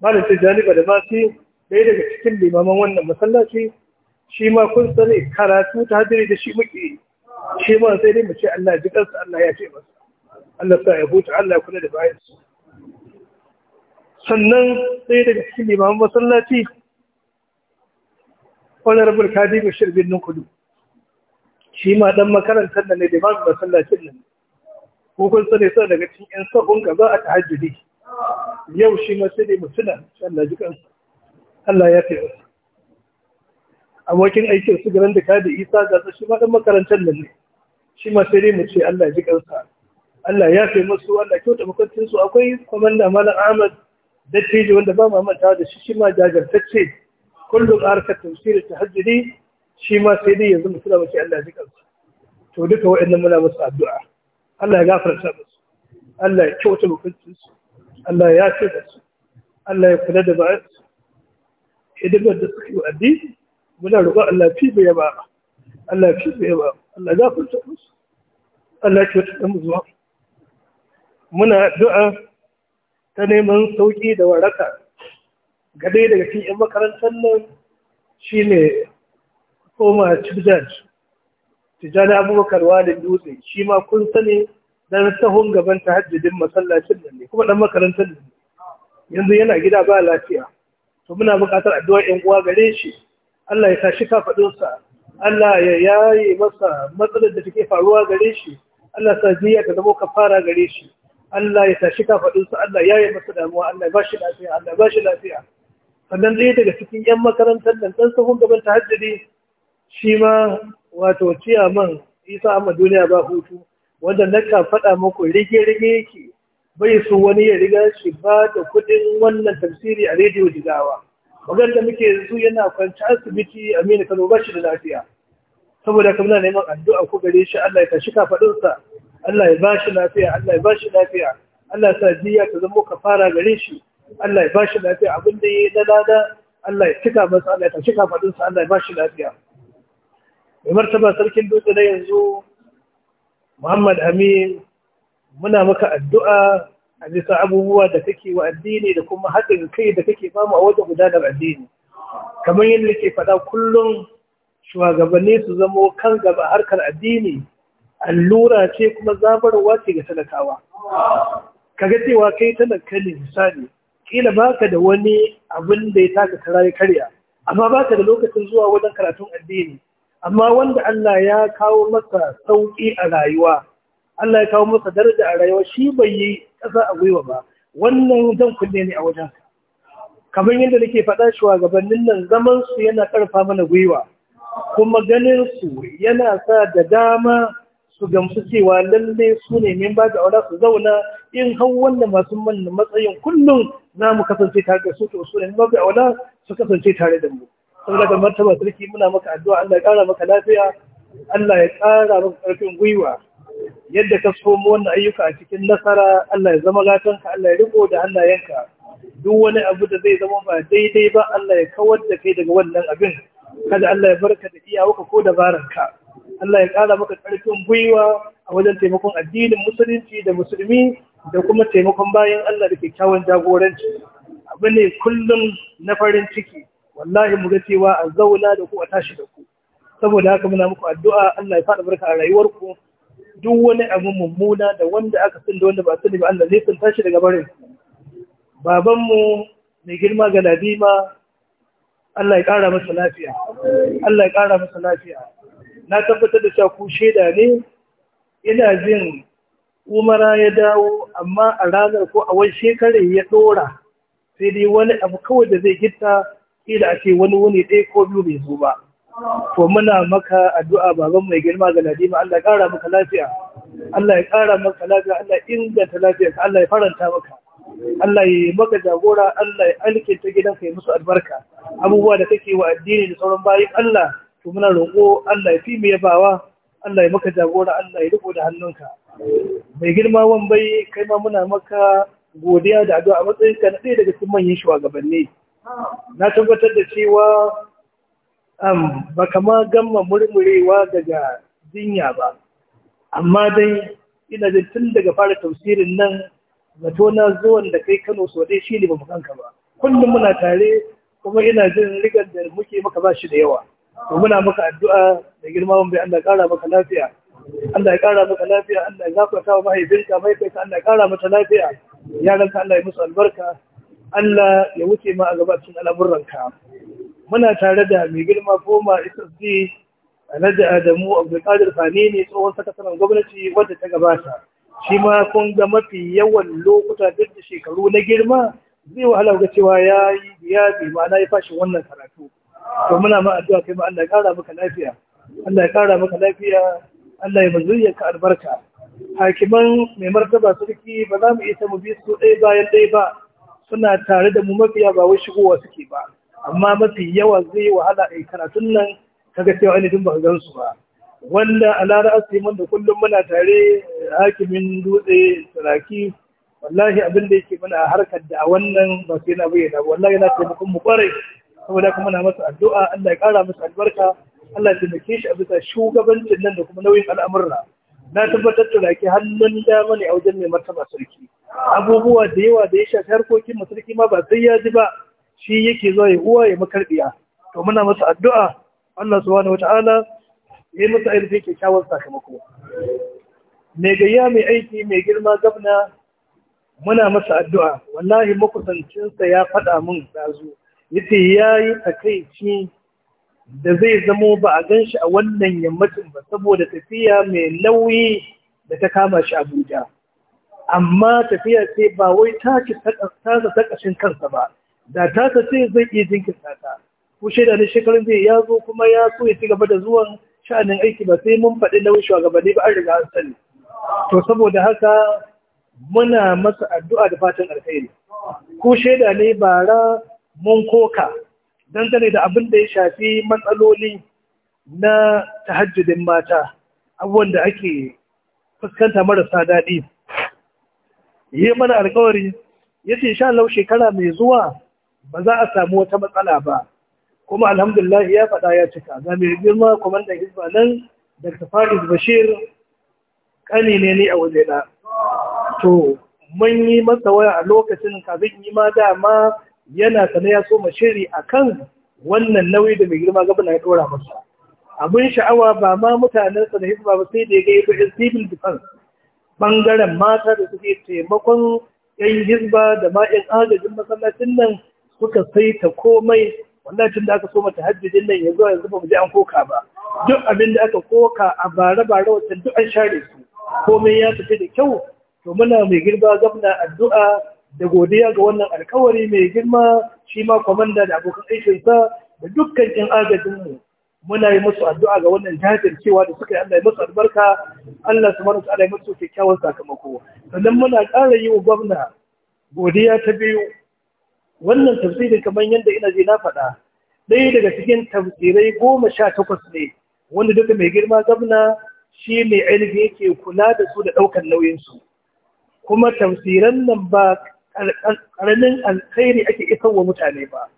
Speaker 2: malam tijjani ba da masu ɗaya daga cikin limaman wannan masallaci shi ma kun sani karatu ta hadiri da shi muke shi ma sai dai mu ce Allah ji Allah ya ce masa Allah sa ya huta Allah kula da bayan su sannan sai daga cikin limaman masallaci wani rabar kadi bashir birnin kudu shi ma dan makarantar da ne da ba masallacin nan ko kun sani sai daga cikin yan sabon gaba a tahajjudi yau shi ma sai dai mutuna Allah jikan. Allah ya wasu abokin aikin su garin da ka da Isa ga shi ma dan makarantar nan ne shi ma sai dai mu ce Allah jikan sa Allah ya tafi musu Allah kyauta makwacin su akwai komanda Malam Ahmad dattijo wanda ba mu manta da shi shi ma jajirtacce kullum harkar tafsirin tahajjudi shi ma sai dai yanzu mutum da mace Allah ya su to duka waɗannan muna musu addu'a Allah ya gafarta musu Allah ya kyauta mutuncin su Allah ya ce da su Allah ya kula da bayan su hidimar da suke yi addini muna roƙon Allah fi bai ba Allah fi bai ba Allah ya gafarta musu Allah ya kyauta da musu muna addu'a ta neman sauƙi da waraka ga daga cikin makarantar nan shine Omar Tijjaj, Tijjani Abubakar Walid Dutse, shi ma kun sani dan sahun gaban tahajjudin masallacin nan ne, kuma dan makarantar ne. Yanzu yana gida ba lafiya. To muna buƙatar addu'ar ƴan uwa gare shi. Allah ya tashi kafaɗinsa. Allah ya yaye masa matsalar da take faruwa gare shi. Allah sa jiya ta zama kafara gare shi. Allah ya tashi kafaɗinsa. Allah ya yaye masa damuwa. Allah ya ba shi lafiya. Allah ya ba shi lafiya. Sannan zai daga cikin 'yan makarantar nan ɗan sahun gaban tahajjudi shi ma wato man isa amma duniya ba hutu wanda na kan faɗa muku rige-rige yake bai su wani ya riga shi ba da kuɗin wannan tafsiri a rediyo jigawa magan da muke yanzu yana kwanci asibiti amina kano ba shi da lafiya saboda na neman addu'a ko gare shi Allah ya tashi kafaɗinsa Allah ya ba shi lafiya Allah ya ba shi lafiya Allah ya sa jiya ta zama kafara gare shi Allah ya ba shi lafiya abin da ya yi na lada Allah ya cika masa Allah ya tashi kafaɗinsa Allah ya ba shi lafiya mai martaba sarkin dutse na yanzu muhammad amin muna maka addu'a a bisa abubuwa da kake wa addini da kuma haɗin kai da kake bamu a wajen gudanar addini kamar yadda ke faɗa kullum shugabanni su zamo kan gaba harkar addini allura ce kuma zabarwa ce ga talakawa Ka ga cewa kai talaka ne misali kila baka da wani abin da ya taka kara karya amma baka da lokacin zuwa wajen karatun addini amma wanda Allah ya kawo masa sauƙi a rayuwa Allah ya kawo masa daraja a rayuwa shi bai yi ƙasa a gwiwa ba wannan zan kunne ne a wajen kamar yadda nake faɗa shi wa gabanin nan zaman su yana ƙarfa mana gwiwa kuma ganin su yana sa da dama su gamsu cewa lalle su ne min ba da aure su zauna in har wannan masu manna matsayin kullum za mu kasance tare da su to su ne min ba da aure su kasance tare da mu sun daga martaba sarki muna maka addu'a Allah ya kara maka lafiya Allah ya ƙara maka karfin gwiwa yadda ka so mu wannan ayyuka a cikin nasara Allah ya zama ka Allah ya riko da yanka. duk wani abu da zai zama ba daidai ba Allah ya kawar da kai daga wannan abin kada Allah ya barka da iyawarka ko dabaranka Allah ya kara maka karfin gwiwa a wajen taimakon addinin musulunci da musulmi da kuma taimakon bayan Allah da kyakkyawan jagoranci abu ne kullum na farin ciki wallahi mu ga cewa a zauna da ku a tashi da ku saboda haka muna muku addu'a Allah ya fada barka a ku duk wani abu mummuna da wanda aka san da wanda ba sani ba Allah zai san tashi daga barin baban mu mai girma ga Ladima Allah ya kara masa lafiya Allah ya kara masa lafiya na tabbatar da cewa ku sheda ne ina jin umara ya dawo amma a ranar ko a wani shekarar ya dora sai dai wani abu kawai da zai gitta kila ake ce wani wuni ɗaya ko biyu bai zo ba to muna maka addu'a baban mai girma ga ladima Allah ya ƙara maka lafiya Allah ya ƙara maka lafiya Allah ya inganta lafiya ka Allah ya faranta maka Allah ya maka jagora Allah ya alkinta ka ya musu albarka abubuwa da kake wa addini da sauran bayan Allah to muna roƙo Allah ya fi mu yabawa Allah ya maka jagora Allah ya riko da hannunka mai girma wan bai kai ma muna maka godiya da addu'a matsayinka na ɗaya daga cikin manyan shugabanni na tabbatar da cewa ba kama gama murmurewa daga jinya ba amma dai ina jin tun daga fara tausirin nan zato na zuwan da kai kano so dai shine bamu kanka ba kullum muna tare kuma ina jin rigar da muke maka ba shi da yawa to muna maka addu'a da girma mun bai Allah kara maka lafiya Allah ya kara maka lafiya Allah ya gafarta wa mahaifinka mahaifinka Allah ya kara mata lafiya yaranka Allah ya musu albarka Allah ya wuce ma a gabacin al'amuranka muna tare da mai girma goma SSD Alhaji Adamu Abdulkadir Fani ne tsohon sakataren gwamnati wanda ta gabata shi ma kun ga mafi yawan lokuta duk da shekaru na girma zai wahala ga cewa ya yi bi ma'ana ya fashi wannan karatu to muna ma addu'a kai ma Allah ya kara maka lafiya Allah ya kara maka lafiya Allah ya bazuriya ka albarka hakiman mai martaba sarki ba za mu isa mu bi su ɗaya bayan ɗaya ba suna tare da mu mafiya ba wai shigowa suke ba amma mafi yawa zai wahala a karatun nan kaga cewa ainihin ba gan su ba wanda a lara asimin da kullum muna tare hakimin dutse saraki wallahi abin da yake a harkar da a wannan ba sai na bayyana ba wallahi yana taimakon mu kwarai saboda kuma na masa addu'a Allah ya kara masa albarka Allah ya taimake shi a bisa shugabancin nan da kuma nauyin al'amurra na tabbatar da rake hannun dama ne a wajen mai martaba sarki abubuwa da yawa da ya shafi harkokin masarki ma ba sai ya ji ba shi yake zuwa ya uwa ya makarbiya to muna masa addu'a Allah subhanahu wata'ala ya yi masa aiki kyakkyawan sakamako mai gayya mai aiki mai girma gabna muna masa addu'a wallahi makusancinsa ya faɗa min ɗazu yace yi takaici da zai zamo ba a gan shi a wannan yammacin ba saboda tafiya mai nauyi da ta kama shi abuja amma tafiya ce ba wai ta ci tasa ta kashin kansa ba da tasa ce zai iya jinkirta ta ko shaida na shekarun zai ya zo kuma ya so ya ci gaba da zuwan sha'anin aiki ba sai mun faɗi nauyin shugabanni ba an riga an sani to saboda haka muna masa addu'a da fatan alheri ko shaida ne bara mun koka dangane da abin da ya shafi matsaloli na tahajjudin mata abubuwan da ake fuskanta marasa daɗi yi mana alkawari ya ce sha lau shekara mai zuwa ba za a samu wata matsala ba kuma alhamdulillah ya faɗa ya cika ga mai girma kwamandan hizba nan tafari faris bashir ƙani ne ni a wajena to mun yi masa waya a lokacin kafin yi ma dama yana sana ya soma shiri a kan wannan nauyi da mai girma gabana ya dora masa abin sha'awa ba ma mutanen na hizba ba sai da ya gaifu yato civil defense bangaren mata da suke taimakon yan hizba da ma'in masallacin nan suka saita komai wallacin da aka so mata tahajjudin nan ya zuwa yanzu ba mu je an koka ba duk abin da aka koka a bare bare wacce duk an share su komai ya tafi da kyau to muna mai girba gabna addu'a da godiya ga wannan alkawari mai girma shi ma kwamanda da abokan aikinsa da dukkan yan agajinmu muna yi musu addu'a ga wannan cewa da suka yi Allah ya musu albarka Allah su mara ta'ala ya musu kyakkyawan sakamako sannan muna ƙara yi wa gwamna godiya ta biyu wannan tafsirin kamar yadda ina je na faɗa ɗaya daga cikin tafsirai goma sha takwas ne wanda duka mai girma gwamna shi mai ainihin yake kula da su da ɗaukar nauyinsu kuma tafsiran nan ba ƙaramin alkhairi ake isar wa mutane ba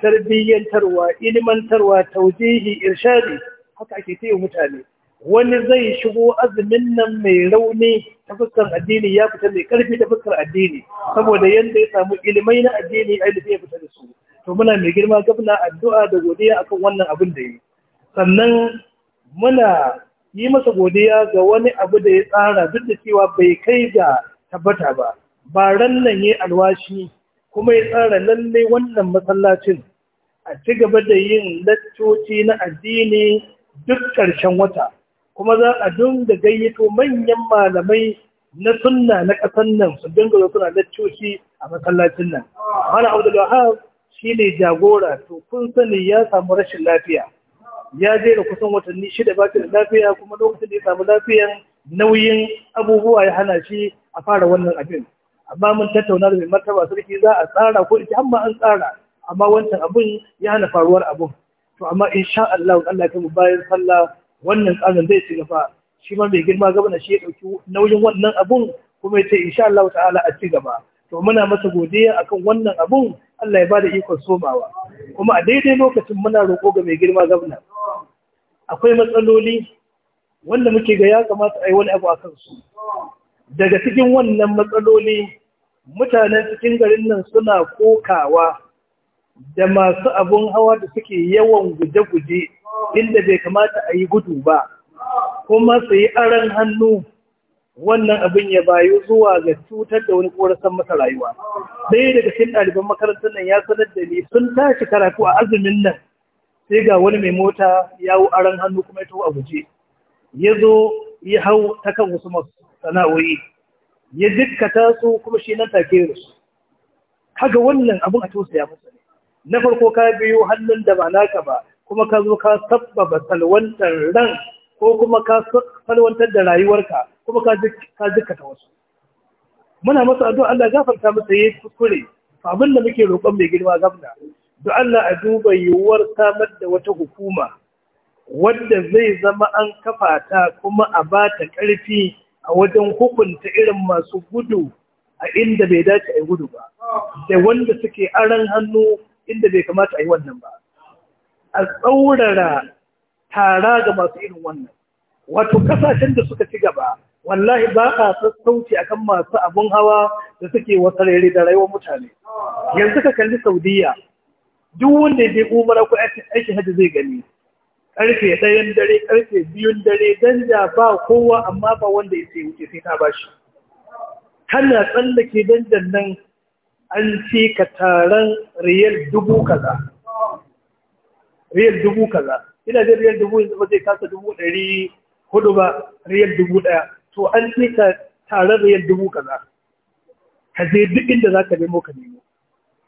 Speaker 2: tarbiyyantarwa ilimantarwa taujihi irshadi haka ake ce wa mutane wani zai shigo azumin nan mai rauni ta fuskar addini ya fita mai karfi ta fuskar addini saboda yadda ya samu ilimai na addini yadda ya fita da su to muna mai girma gabna addu'a da godiya akan wannan abin da ya yi sannan muna yi masa godiya ga wani abu da ya tsara duk da cewa bai kai ga tabbata ba ba rannan ya alwashi kuma ya tsara lalle wannan masallacin a ci gaba da yin laccoci na addini duk ƙarshen wata kuma za a dinga gayyato manyan malamai na sunna na ƙasar nan su dinga zo suna laccoci a masallacin nan mana abdul shi ne jagora to kun sani ya samu rashin lafiya ya je da kusan watanni shida ba da lafiya kuma lokacin da ya samu lafiyan nauyin abubuwa ya hana shi a fara wannan abin amma mun tattauna da mai martaba sarki za a tsara ko ita amma an tsara amma wancan abun ya hana faruwar abun to amma insha Allah Allah ya mu bayar sallah wannan tsarin zai ci gaba shi ma mai girma gabana shi ya dauki nauyin wannan abun kuma ya ce insha Allah ta'ala a ci gaba to muna masa godiya akan wannan abun Allah ya bada ikon somawa kuma a daidai lokacin muna roƙo ga mai girma gwamna akwai matsaloli wanda muke ga ya kamata a yi wani abu a kansu daga cikin wannan matsaloli mutanen cikin garin nan suna kokawa da masu abun hawa da suke yawan guje-guje inda bai kamata a yi gudu ba kuma su yi aran hannu wannan abin ya bayu zuwa ga cutar da wani san masa rayuwa ɗaya daga cikin ɗaliban makarantar nan ya sanar da ni sun tashi karatu a azumin nan sai ga wani mai mota ya hau aran hannu kuma ya taho a guje ya zo ya hau ta kan wasu masu sana'o'i ya dukkata su kuma shi nan take su kaga wannan abun a tausaya ya ne na farko ka biyo hannun da ba naka ba kuma ka zo ka sabbaba salwantar ran ko kuma ka salwantar da rayuwarka kuma ka dukkata wasu muna masa addu'a Allah gafarta masa yayi kuskure fa abin da muke roƙon mai girma gafna to Allah a duba yiwuwar samar da wata hukuma wanda zai zama an kafa ta kuma a ba ta ƙarfi a wajen hukunta irin masu gudu a inda bai dace a yi gudu ba da wanda suke aran hannu inda bai kamata a yi wannan ba a tsaurara tara ga masu irin wannan wato kasashen da suka ci gaba wallahi ba a sassauci akan masu abun hawa da suke wasarere da rayuwar mutane yanzu ka kalli saudiya duk wanda ya bi umara ko aiki hajji zai gani karfe ɗayan dare karfe biyun dare ja ba kowa amma ba wanda ya wuce sai ta bashi kana tsallake danjan nan an ce ka taron riyal dubu kaza riyal dubu kaza ina jin riyal dubu yanzu ba zai kasa dubu ɗari hudu ba riyal dubu ɗaya to an ce ka taron riyal dubu kaza ka je duk inda za ka nemo ka nemo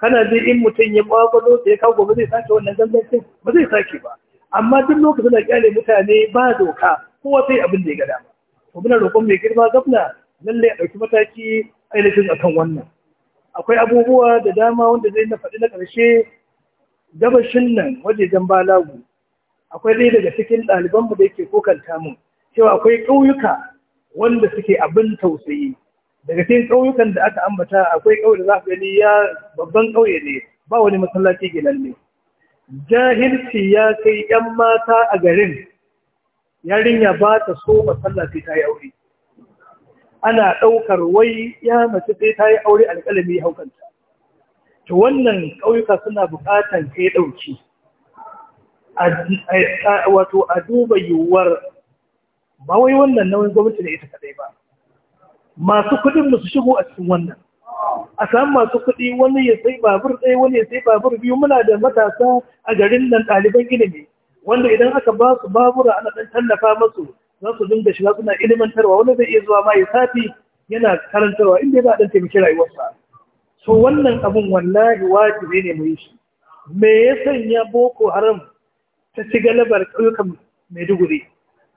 Speaker 2: kana zai in mutum ya kwakwalo da ya kawo gobe zai sake wannan gangancin ba zai sake ba amma duk lokacin da kyale mutane ba doka kowa sai abin da ya gada. ba. to muna roƙon mai girma gabna, lallai a ɗauki mataki ainihin akan wannan akwai abubuwa da dama wanda zai na faɗi na ƙarshe gabashin nan wajejen balagu akwai ɗaya daga cikin ɗaliban mu da yake kokanta mun cewa akwai ƙauyuka wanda suke abin tausayi daga cikin ƙauyukan da aka ambata akwai ƙauye da za ka gani ya babban ƙauye ne ba wani masallaci gidan ne jahilci ya kai ‘yan mata a garin yarinya ba ta so matsala sai ta yi aure ana ɗaukar wai ya mace sai ta yi aure alƙalami haukanta Ta wannan ƙauyuka suna buƙatan kai ɗauki wato a duba yiwuwar ba wai wannan nauyin gwamnati ne ita kaɗai ba masu kuɗin musu shigo a cikin wannan a samu masu kuɗi wani ya sai babur ɗaya wani ya sai babur biyu muna da matasa a garin nan ɗaliban ilimi wanda idan aka ba su babura ana ɗan tallafa masu za su dinga shiga suna ilimantarwa wani zai iya zuwa ma ya sati yana karantarwa inda ba ɗan taimaki rayuwarsa so wannan abun wallahi wajibi ne mu yi shi me ya sanya boko haram ta ci galabar ƙauyukan maiduguri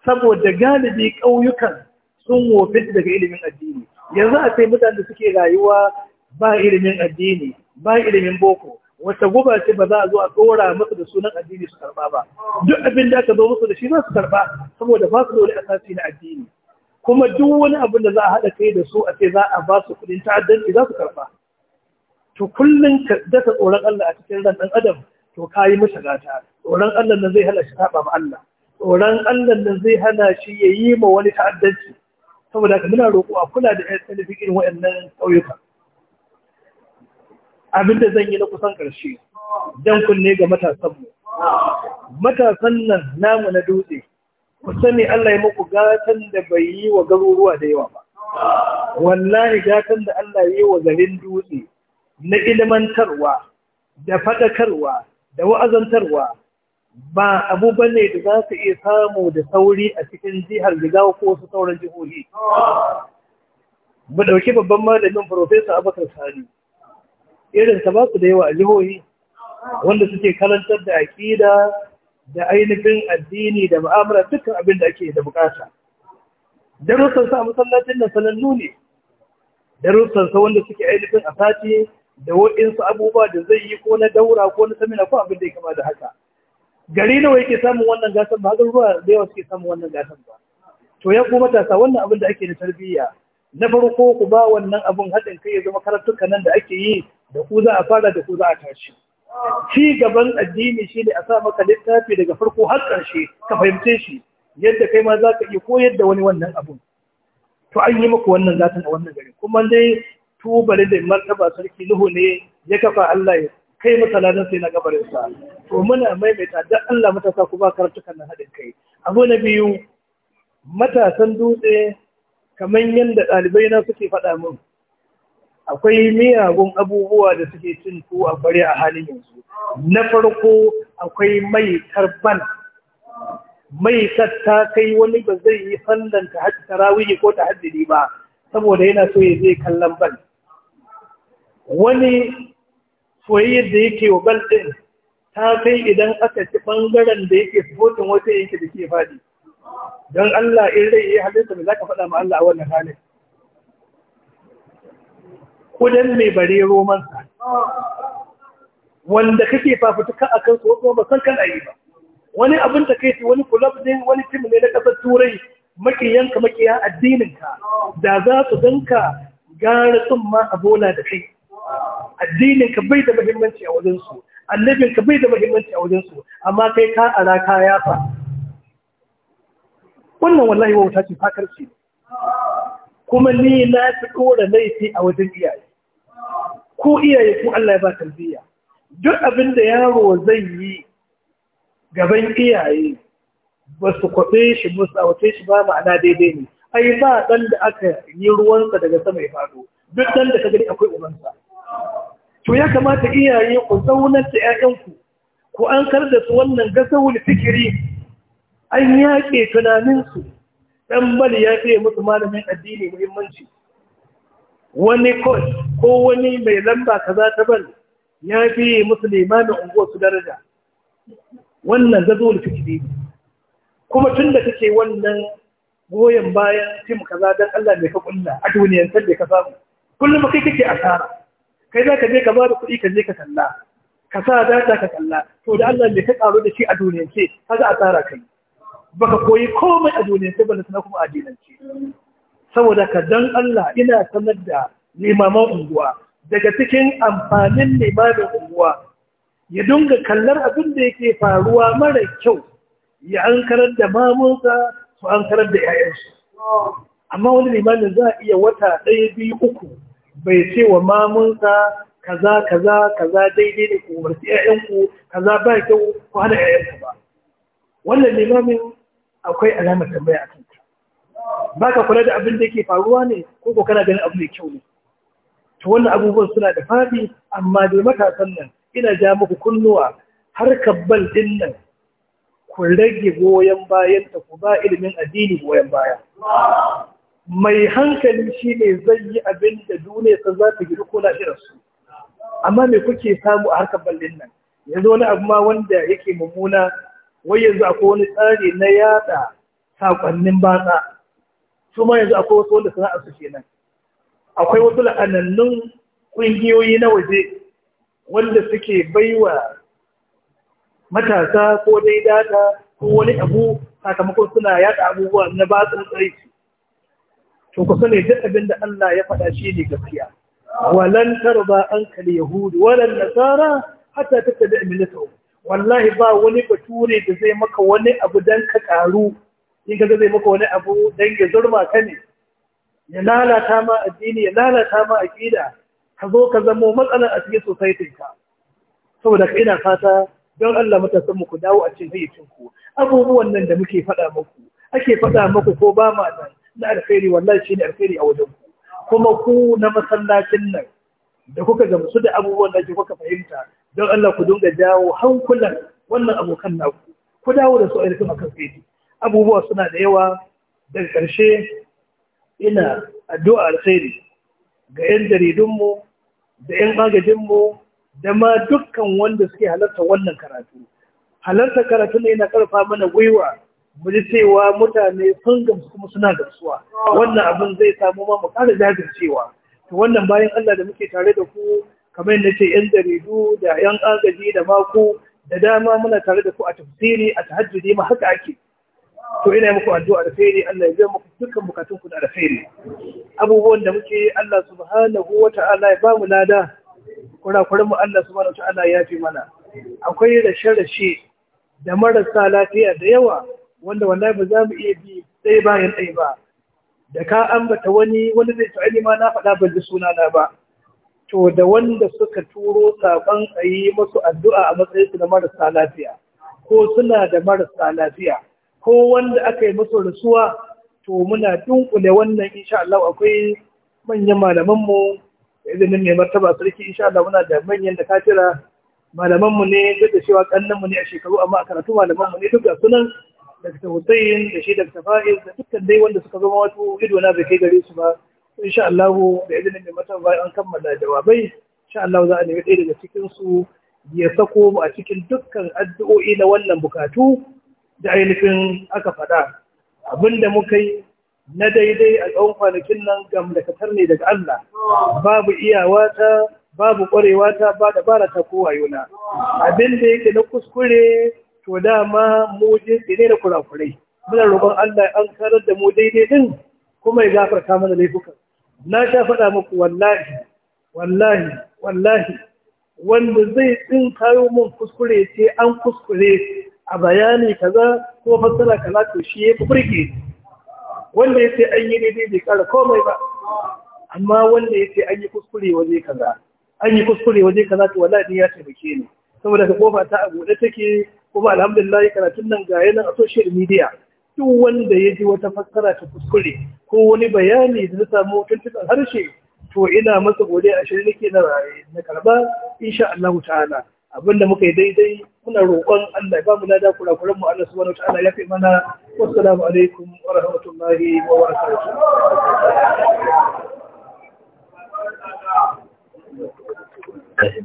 Speaker 2: saboda galibi ƙauyukan sun wofinta daga ilimin addini yanzu a sai mutane da suke rayuwa ba ilimin addini ba ilimin boko wata guba ce ba za a zo a tsora musu da sunan addini su karba ba duk abin da aka zo musu da shi za su karba saboda ba su dole asasi na addini kuma duk wani abin da za a haɗa kai da su a ce za a ba su kuɗin ta'addanci za su karba to kullum ka dasa tsoron Allah a cikin ran ɗan adam to ka yi masa gata tsoron Allah nan zai hana shi saba ma Allah tsoron Allah nan zai hana shi ya yi ma wani ta'addanci saboda haka muna roƙo a kula da ƴan tallafin irin waɗannan ƙauyuka Abinda zan yi na kusan ƙarshe dan kunne ga matasanmu matasan nan namu na dutse ku sani Allah ya muku gatan da bai yi wa garuruwa da yawa ba wallahi gatan da Allah ya yi wa garin dutse na ilmantarwa da faɗakarwa da wa'azantarwa ba abu ne da za su iya samu da sauri a cikin jihar Jigawa ko wasu sauran jihohi. Ba ɗauki babban malamin Profesa Abubakar Sani, irin ta ba su da yawa a jihohi, wanda suke karantar da aƙida da ainihin addini da ma'amala dukkan abin da ake da bukata. Darussan a masallacin nan sanannu ne, Darussan darussansa wanda suke ainihin a sati da waɗansu abubuwa da zai yi ko na daura ko na samina ko abin da ya kama da haka. gari nawa yake samun wannan gasar ba ruwa da yawa suke samun wannan gasar ba to ya ku matasa wannan abin da ake na tarbiyya na farko ku ba wannan abin haɗin kai ya zama karatuka nan da ake yi da ku za a fara da ku za a tashi ci gaban addini shine a sa maka littafi daga farko har ƙarshe ka fahimce shi yadda kai ma za ka iya koyar da wani wannan abin to an yi maka wannan zatin a wannan gari kuma dai tubalin da martaba sarki nuhu ne ya kafa Allah ya kai masalanin sai na gabarin sa to muna maimaita da Allah matasa ku ba karatukan na haɗin kai abu na biyu matasan dutse kamar yadda ɗalibai na suke faɗa min akwai miyagun abubuwa da suke cin tuwo a bari a halin yanzu na farko akwai mai karban mai ta kai wani ba zai yi sallan ta hajji tarawihi ko ta hajji ba saboda yana so ya zai kallon ban wani soyayyar da yake wa bal ɗin ta kai idan aka ci ɓangaren da yake sportin wata yake da ke faɗi don Allah in rai ya halitta mai za ka faɗa ma Allah a wannan halin kudan mai bare romansa wanda kake fafutuka a kan kuma ba san kan ayi ba wani abin da kai wani kulab din wani tim ne na ƙasar turai makiyanka makiya addininka da za su danka gara tsumma a bola da kai addinin ka bai da muhimmanci a wajen su annabin ka bai da muhimmanci a wajen amma kai ka ara ka yafa wannan wallahi wauta ce fakar ce kuma ni na fi kora laifi a wajen iyaye ko iyaye ko Allah ya ba tarbiyya duk abin da yaro zai yi gaban iyaye ba su kwaɓe shi ba su awace shi ba ma'ana daidai ne ai ba ɗan da aka yi ruwansa daga sama ya fado duk ɗan da ka gani akwai ubansa to ya kamata iyaye ku zaunar da 'ya'yanku ku an da su wannan gasawul fikiri an yaƙe tunaninsu ɗan bali ya fiye musu malamin addini muhimmanci wani coach ko wani mai lamba kaza ta bal ya fiye musu limamin unguwar su daraja wannan gasawul fikiri kuma tun da kake wannan goyon bayan tim kaza don Allah mai ka a duniyar da ka samu kullum kai kake asara kai za ka je ka ba da kuɗi ka je ka kalla ka sa data ka kalla to da Allah mai ka tsaro da shi a duniyance za a tsara kai baka koyi komai a duniyance ba na kuma a saboda ka dan Allah ina sanar da limaman unguwa daga cikin amfanin limamin unguwa ya dunga kallar abin da yake faruwa mara kyau ya ankarar da mamunsa su ankarar da 'ya'yansu amma wani limamin za a iya wata ɗaya biyu uku bai ce wa mamunsa kaza kaza kaza daidai ne ku umarci ƴaƴanku kaza ba kyau ku hana ƴaƴanku ba wannan limamin akwai alamar tambaya a kanta ba ka kula da abin da yake faruwa ne ko ko kana ganin abu mai kyau ne to wannan abubuwan suna da fadi amma da matasan nan ina ja muku kunnuwa har kabbal din nan ku rage goyon bayan ta ku ba ilimin addini goyon baya mai hankali shi ne zai yi abin da duniya ta za ta gidi ko irinsu amma mai kuke samu a harkar ballin nan yanzu wani abu ma wanda yake mummuna wai yanzu akwai wani tsari na yada sakonnin batsa su ma yanzu akwai wasu wanda sana'a ke nan, akwai wasu la'anannun ƙungiyoyi na waje wanda suke baiwa matasa ko dai data ko wani abu sakamakon suna yada abubuwa na batsa tsari to ku sani duk abin da Allah ya faɗa shi ne gaskiya walan tarba ankal yahud walan nasara hatta tattabi millatuhum wallahi ba wani bature da zai maka wani abu dan ka karu in ka zai maka wani abu dan ya zurma ka ne ya lalata ma addini ya lalata ma aqida ka zo ka zamo matsala a cikin society ka saboda ka ina fata don Allah matasan mu ku dawo a cikin hayyacin ku abubuwan nan da muke faɗa muku ake faɗa muku ko ba ma nan na alkhairi wallahi ne alkhairi a wajen ku kuma ku na masallacin nan da kuka gamsu da abubuwan da kuka fahimta don Allah ku dinga jawo hankulan wannan abokan naku ku dawo da su a yankin kan sai abubuwa suna da yawa daga ƙarshe ina addu'a alkhairi ga 'yan jaridunmu da 'yan agajinmu da ma dukkan wanda suke halarta wannan karatu halarta karatu ne yana karfa mana gwiwa mu ji cewa mutane sun gamsu kuma suna gamsuwa wannan abin zai samu ma mu jajin cewa. to wannan bayan Allah da muke tare da ku kamar yadda ce yan jaridu da yan agaji da mako da dama muna tare da ku a tafsiri a tahajjudi ma haka ake to ina muku addu'a da alheri Allah ya biya muku dukkan bukatun ku da alheri abubuwan da muke Allah subhanahu wata'ala ya ba mu lada kurakuran mu Allah subhanahu wata'ala ya fi mana akwai rashe-rashe da marasa lafiya da yawa wanda wallahi ba za mu iya bi ɗaya bayan ɗaya ba da ka ambata wani wanda zai ta'ali ma na faɗa ba ji suna na ba to da wanda suka turo saƙon a yi addu'a a matsayinsu na marasa lafiya ko suna da marasa lafiya ko wanda aka yi masu rasuwa to muna dunkule wannan insha Allah akwai manyan malamanmu da izinin mai martaba sarki insha Allah muna da manyan da malaman malamanmu ne duk da cewa mu ne a shekaru amma a karatu malamanmu ne duk da sunan dakta Hussein da shi dakta Faiz da dukkan dai wanda suka zama wato ido na bai kai gare su ba insha Allah da mai mata bayan an kammala jawabai insha Allah za a nemi ɗaya daga cikin su ya sako a cikin dukkan addu'o'i na wannan bukatu da ainihin aka faɗa abinda muka yi na daidai a tsawon kwanakin nan gamdakatar ne daga Allah babu iyawa ta babu ƙwarewa ta ba da bara ta kowa yuna abin da yake na kuskure to dama mu je ne da kurakurai muna roƙon Allah an karar da mu daidai din kuma ya gafarta mana laifukan na sha faɗa muku wallahi wallahi wallahi wanda zai din kawo mun kuskure ce an kuskure a bayani kaza ko fassara kaza to shi ya burge wanda yace an yi daidai bai kara komai ba amma wanda yace an yi kuskure waje kaza an yi kuskure waje kaza to wallahi ya taimake ni saboda ka kofa ta abu da take kuma alhamdulillah karatun nan ga yanan a social media duk wanda ya ji wata fassara ta kuskure ko wani bayani da na samu tuntuɓar harshe to ina masa godiya a shirin nake na raye na karba insha Allah ta'ala abinda muka yi daidai muna roƙon Allah ya ba mu lada kurakuran mu Allah subhanahu ta'ala ya fi mana wassalamu alaikum
Speaker 1: wa rahmatullahi wa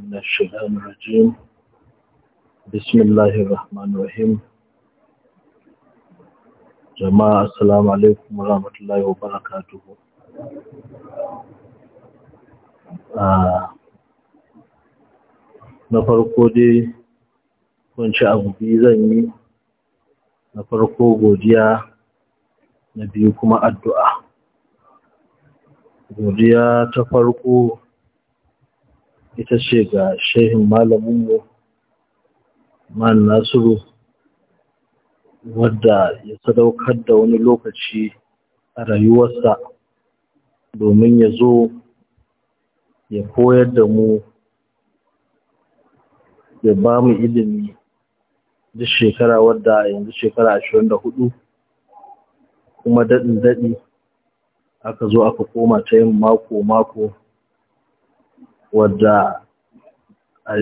Speaker 3: barakatuh بسم الله الرحمن الرحيم جماعة السلام عليكم ورحمة الله وبركاته نفرقو دي كنش أبو بيزاني نفرقو zan yi الدعاء farko تفرقو na ga shehin malaminmu man nasiru wadda ya sadaukar da wani lokaci a rayuwarsa domin ya zo ya koyar da mu ya ba mu ilimi duk shekara wadda yanzu shekara ashirin da kuma daɗin daɗi aka zo aka koma ta yin mako-mako wadda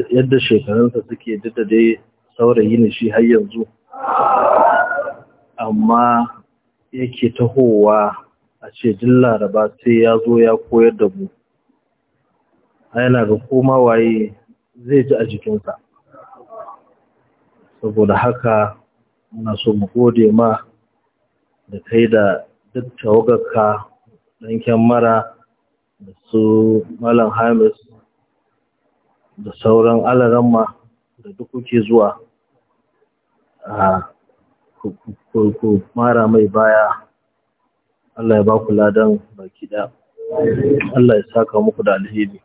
Speaker 3: yadda shekarunsa suke duk dai saurayi ne shi har yanzu amma yake tahowa a ce jin laraba sai ya zo ya koyar da mu yana ga koma waye zai ji a jikinsa saboda haka muna so mu gode ma da kai da duk tawagarka ɗan kyamara da su malam hamis da sauran alaramma da duk kuke zuwa ku mara mai baya Allah ya ba ku ladan baki da Allah ya saka muku da alheri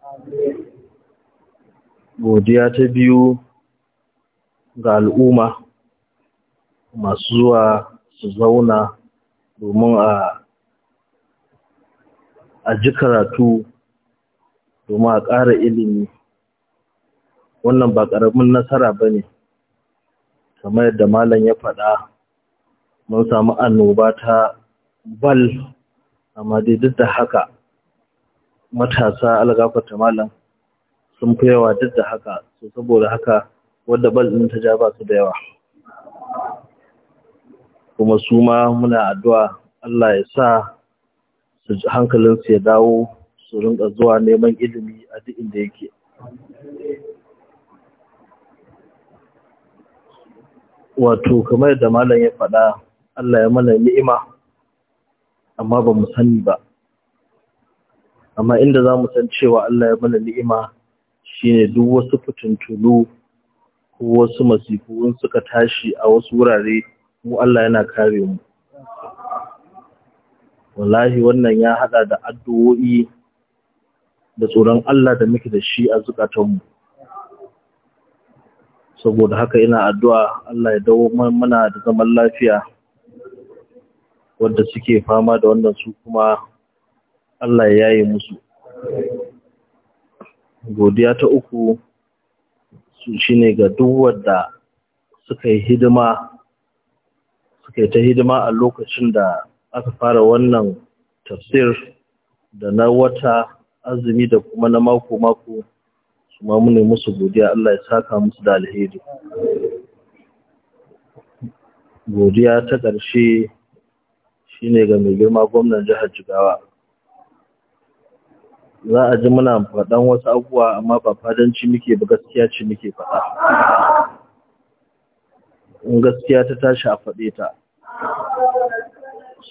Speaker 3: godiya ta biyu ga al'umma masu zuwa su zauna domin a a ji karatu domin a ƙara ilimi wannan ba ƙaramin nasara ba ne kamar yadda malam ya faɗa mun samu annoba ta bal amma dai duk da haka matasa algafata malam sun fi yawa duk da haka so saboda haka wadda bal ɗin ta ja ba su da yawa kuma su ma muna addu'a Allah ya sa su hankalinsu ya dawo su rinka zuwa neman ilimi a duk inda yake wato kamar da malam ya faɗa Allah ya mana ni'ima amma ba mu sani ba amma inda za mu san cewa Allah ya mana ni'ima shi ne duk wasu fitintulu ko wasu masifu in suka tashi a wasu wurare mu Allah yana kare mu wallahi wannan ya haɗa da addu'o'i da tsoron Allah da muke da shi a zukatanmu saboda haka ina addu'a Allah ya dawo mana da zaman lafiya wadda suke fama da wannan su kuma Allah ya yi musu godiya ta uku su shine ga duk wadda suka yi hidima suka yi ta hidima a lokacin da aka fara wannan tafsir da na wata azumi da kuma na mako-mako kuma muna musu godiya Allah ya saka musu da alheri godiya ta ƙarshe shine ga mai girma gwamnan jihar Jigawa za a ji muna faɗan wasu abubuwa amma ba fadanci muke ba gaskiya ce muke faɗa in gaskiya ta tashi a faɗe ta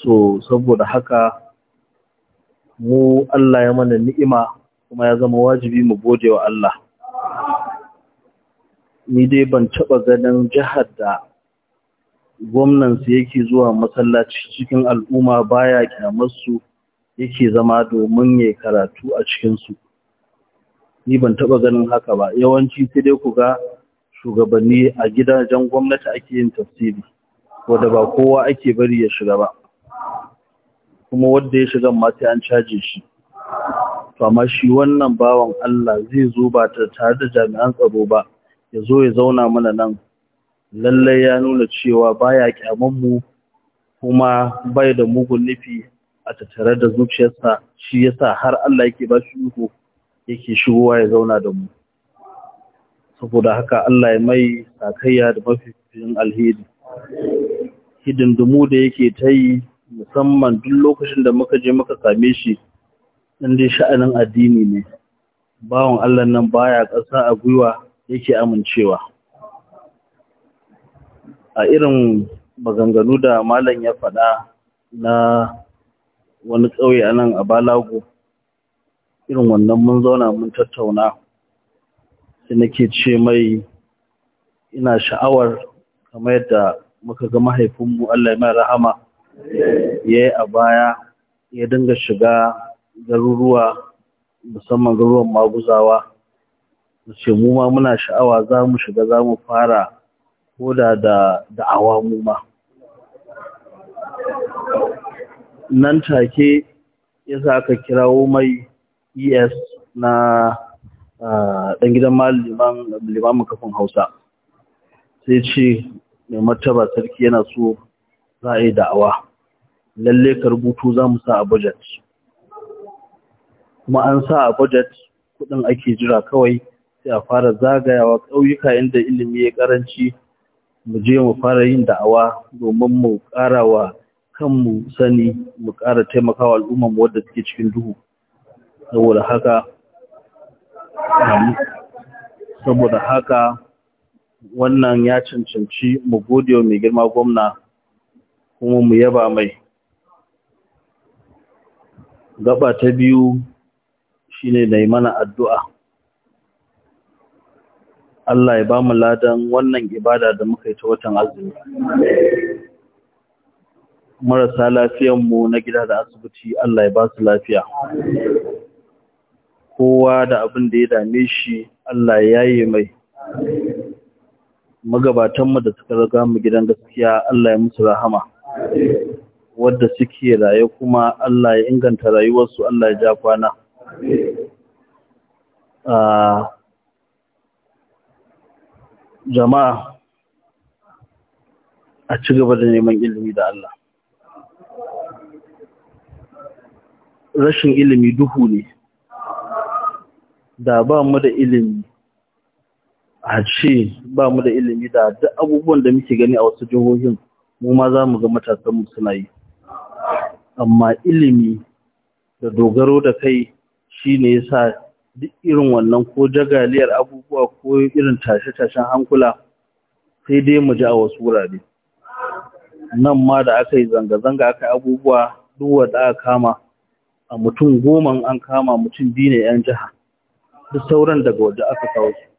Speaker 3: so saboda haka mu Allah ya mana ni'ima kuma ya zama wajibi mu gode wa Allah ni dai ban taɓa ganin jihar da gwamnansu yake zuwa masallaci cikin al'umma baya kyamarsu yake zama domin ya karatu a cikinsu ni ban taba ganin haka ba yawanci sai dai ku ga shugabanni a gidajen gwamnati ake yin tafsiri wadda ba kowa ake bari ya shiga ba kuma wanda ya shiga ma sai an caje shi to shi wannan bawan Allah zai zo ba tare da jami'an tsaro ba ya zo ya zauna mana nan lallai ya nuna cewa baya kyaman mu kuma bai da mugun nufi a tattare da zuciyarsa shi yasa har Allah yake ba shi iko yake shigowa ya zauna da mu saboda haka Allah ya mai sakayya da mafificin alheri hidindimu da yake ta yi musamman duk lokacin da muka je muka same shi in dai sha'anin addini ne bawon Allah nan baya ƙasa a gwiwa yake amincewa a irin maganganu da malam ya faɗa na wani ƙauye a nan a balago irin wannan mun zauna mun tattauna sai nake ce mai ina sha'awar kamar yadda muka ga mahaifinmu Allah ya mai rahama ya yi a baya ya dinga shiga garuruwa musamman garuruwan maguzawa ce mu ma muna sha'awa za mu shiga za mu fara koda da da'awa mu ma nan take yasa aka kirawo mai es na ɗan gidan limamin kafin hausa sai ce mai martaba sarki yana so za a yi da'awa lalle ka rubutu za mu sa a budget kuma an sa a budget kudin ake jira kawai sai a fara zagayawa ƙauyuka inda ilimi ya karanci mu je mu fara yin da'awa domin mu ƙara wa kanmu sani mu ƙara taimakawa al'ummar mu wadda suke cikin duhu saboda haka saboda haka wannan ya cancanci mu gode wa mai girma gwamna kuma mu yaba mai gaba ta biyu shine da mana addu'a Allah ya ba mu ladan wannan ibada da muka yi ta watan azumi marasa lafiyanmu na gida da asibiti Allah ya ba su lafiya kowa da abin da ya dame shi Allah ya yi mai magabatanmu da suka raga mu gidan gaskiya Allah ya musu rahama wadda suke raye kuma Allah ya inganta rayuwarsu Allah ya ja kwana a jama'a a ci gaba da neman ilimi da Allah rashin ilimi duhu ne da ba mu da ilimi a ce ba mu da ilimi da duk abubuwan da muke gani a wasu jihohin mu ma za mu ga matasanmu suna yi amma ilimi da dogaro da kai shi ne ya sa duk irin wannan ko jagaliyar abubuwa ko irin tashe-tashen hankula sai dai mu ji a wasu wurare nan ma da aka yi zanga-zanga aka yi abubuwa duk wanda aka kama a mutum goma an kama mutum biyu ne 'yan jiha duk sauran daga waje aka kawo su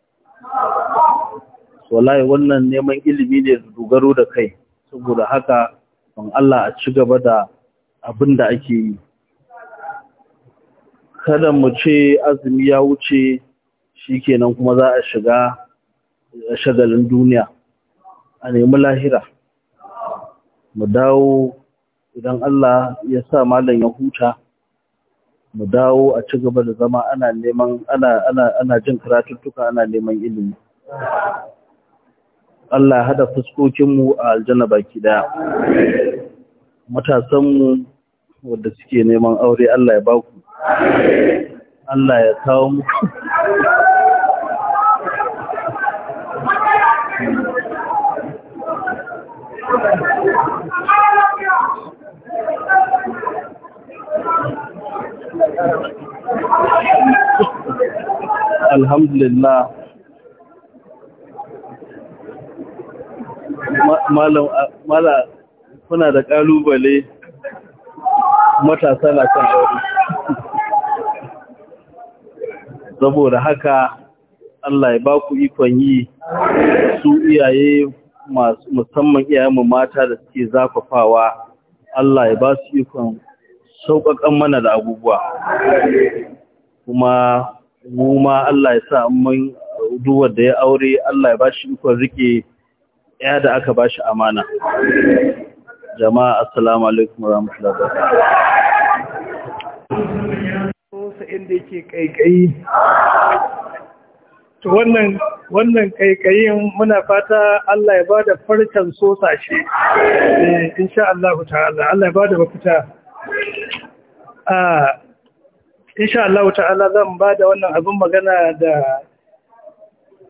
Speaker 3: wallahi wannan neman ilimi ne da dogaro da kai saboda haka don Allah a ci gaba da abin da ake yi kada mu ce azumi ya wuce shi kenan kuma za a shiga a shagalin duniya a nemi lahira mu dawo idan Allah ya sa malam ya huta mu dawo a ci gaba da zama ana neman ana ana ana jin karatuttuka ana neman ilimi Allah hada fuskokinmu a aljanna baki daya matasanmu wadda suke neman aure Allah ya baku Allah ya kawo mu alhamdulillah mala kuna da ƙalubale matasa na kan aure saboda haka Allah ya ba ku ikon yi su iyaye musamman iyayenmu mata da suke zafafawa Allah ya ba su ikon sauƙaƙan mana da abubuwa kuma mu ma Allah ya sa mun duwar da ya aure Allah ya ba shi ikon rike ya da aka ba shi amana jama'a assalamu alaikum warahmatullahi wabarakatuh
Speaker 2: da yake kaikayi to wannan wannan kaikayin muna fata Allah ya bada farkan sosa shi eh insha Allah ta'ala Allah ya bada mafita ah insha Allah ta'ala zan bada wannan abin magana da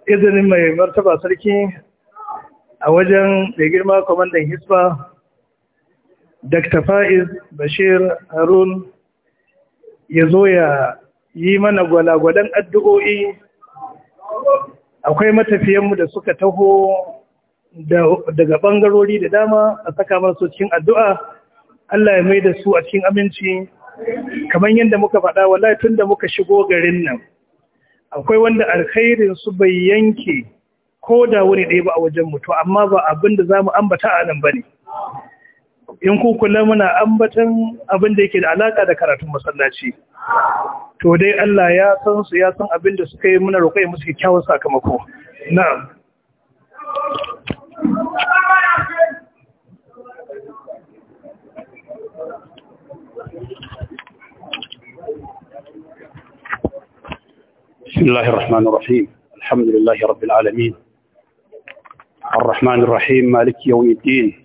Speaker 2: izinin mai martaba sarki a wajen da girma kwamandan hisba Dr. Faiz Bashir Harun ya zo ya yi mana gwalagwalan addu'o'i akwai matafiyanmu da suka taho daga ɓangarori da dama a saka masu cikin addu'a Allah ya mai da su a cikin aminci kamar yadda muka faɗa wa tun da muka shigo garin nan akwai wanda alkhairin su bai yanke ko da wuri ɗaya ba a wajen mutu amma ba abin da za mu ambata a nan ba ne in ku kula muna ambatan abin da yake da alaka da karatun masallaci to dai Allah ya san su ya san abin da suka yi muna roƙe musu kyakkyawan sakamako na'am
Speaker 4: بسم الله الرحمن الرحيم الحمد لله رب العالمين الرحمن الرحيم مالك يوم الدين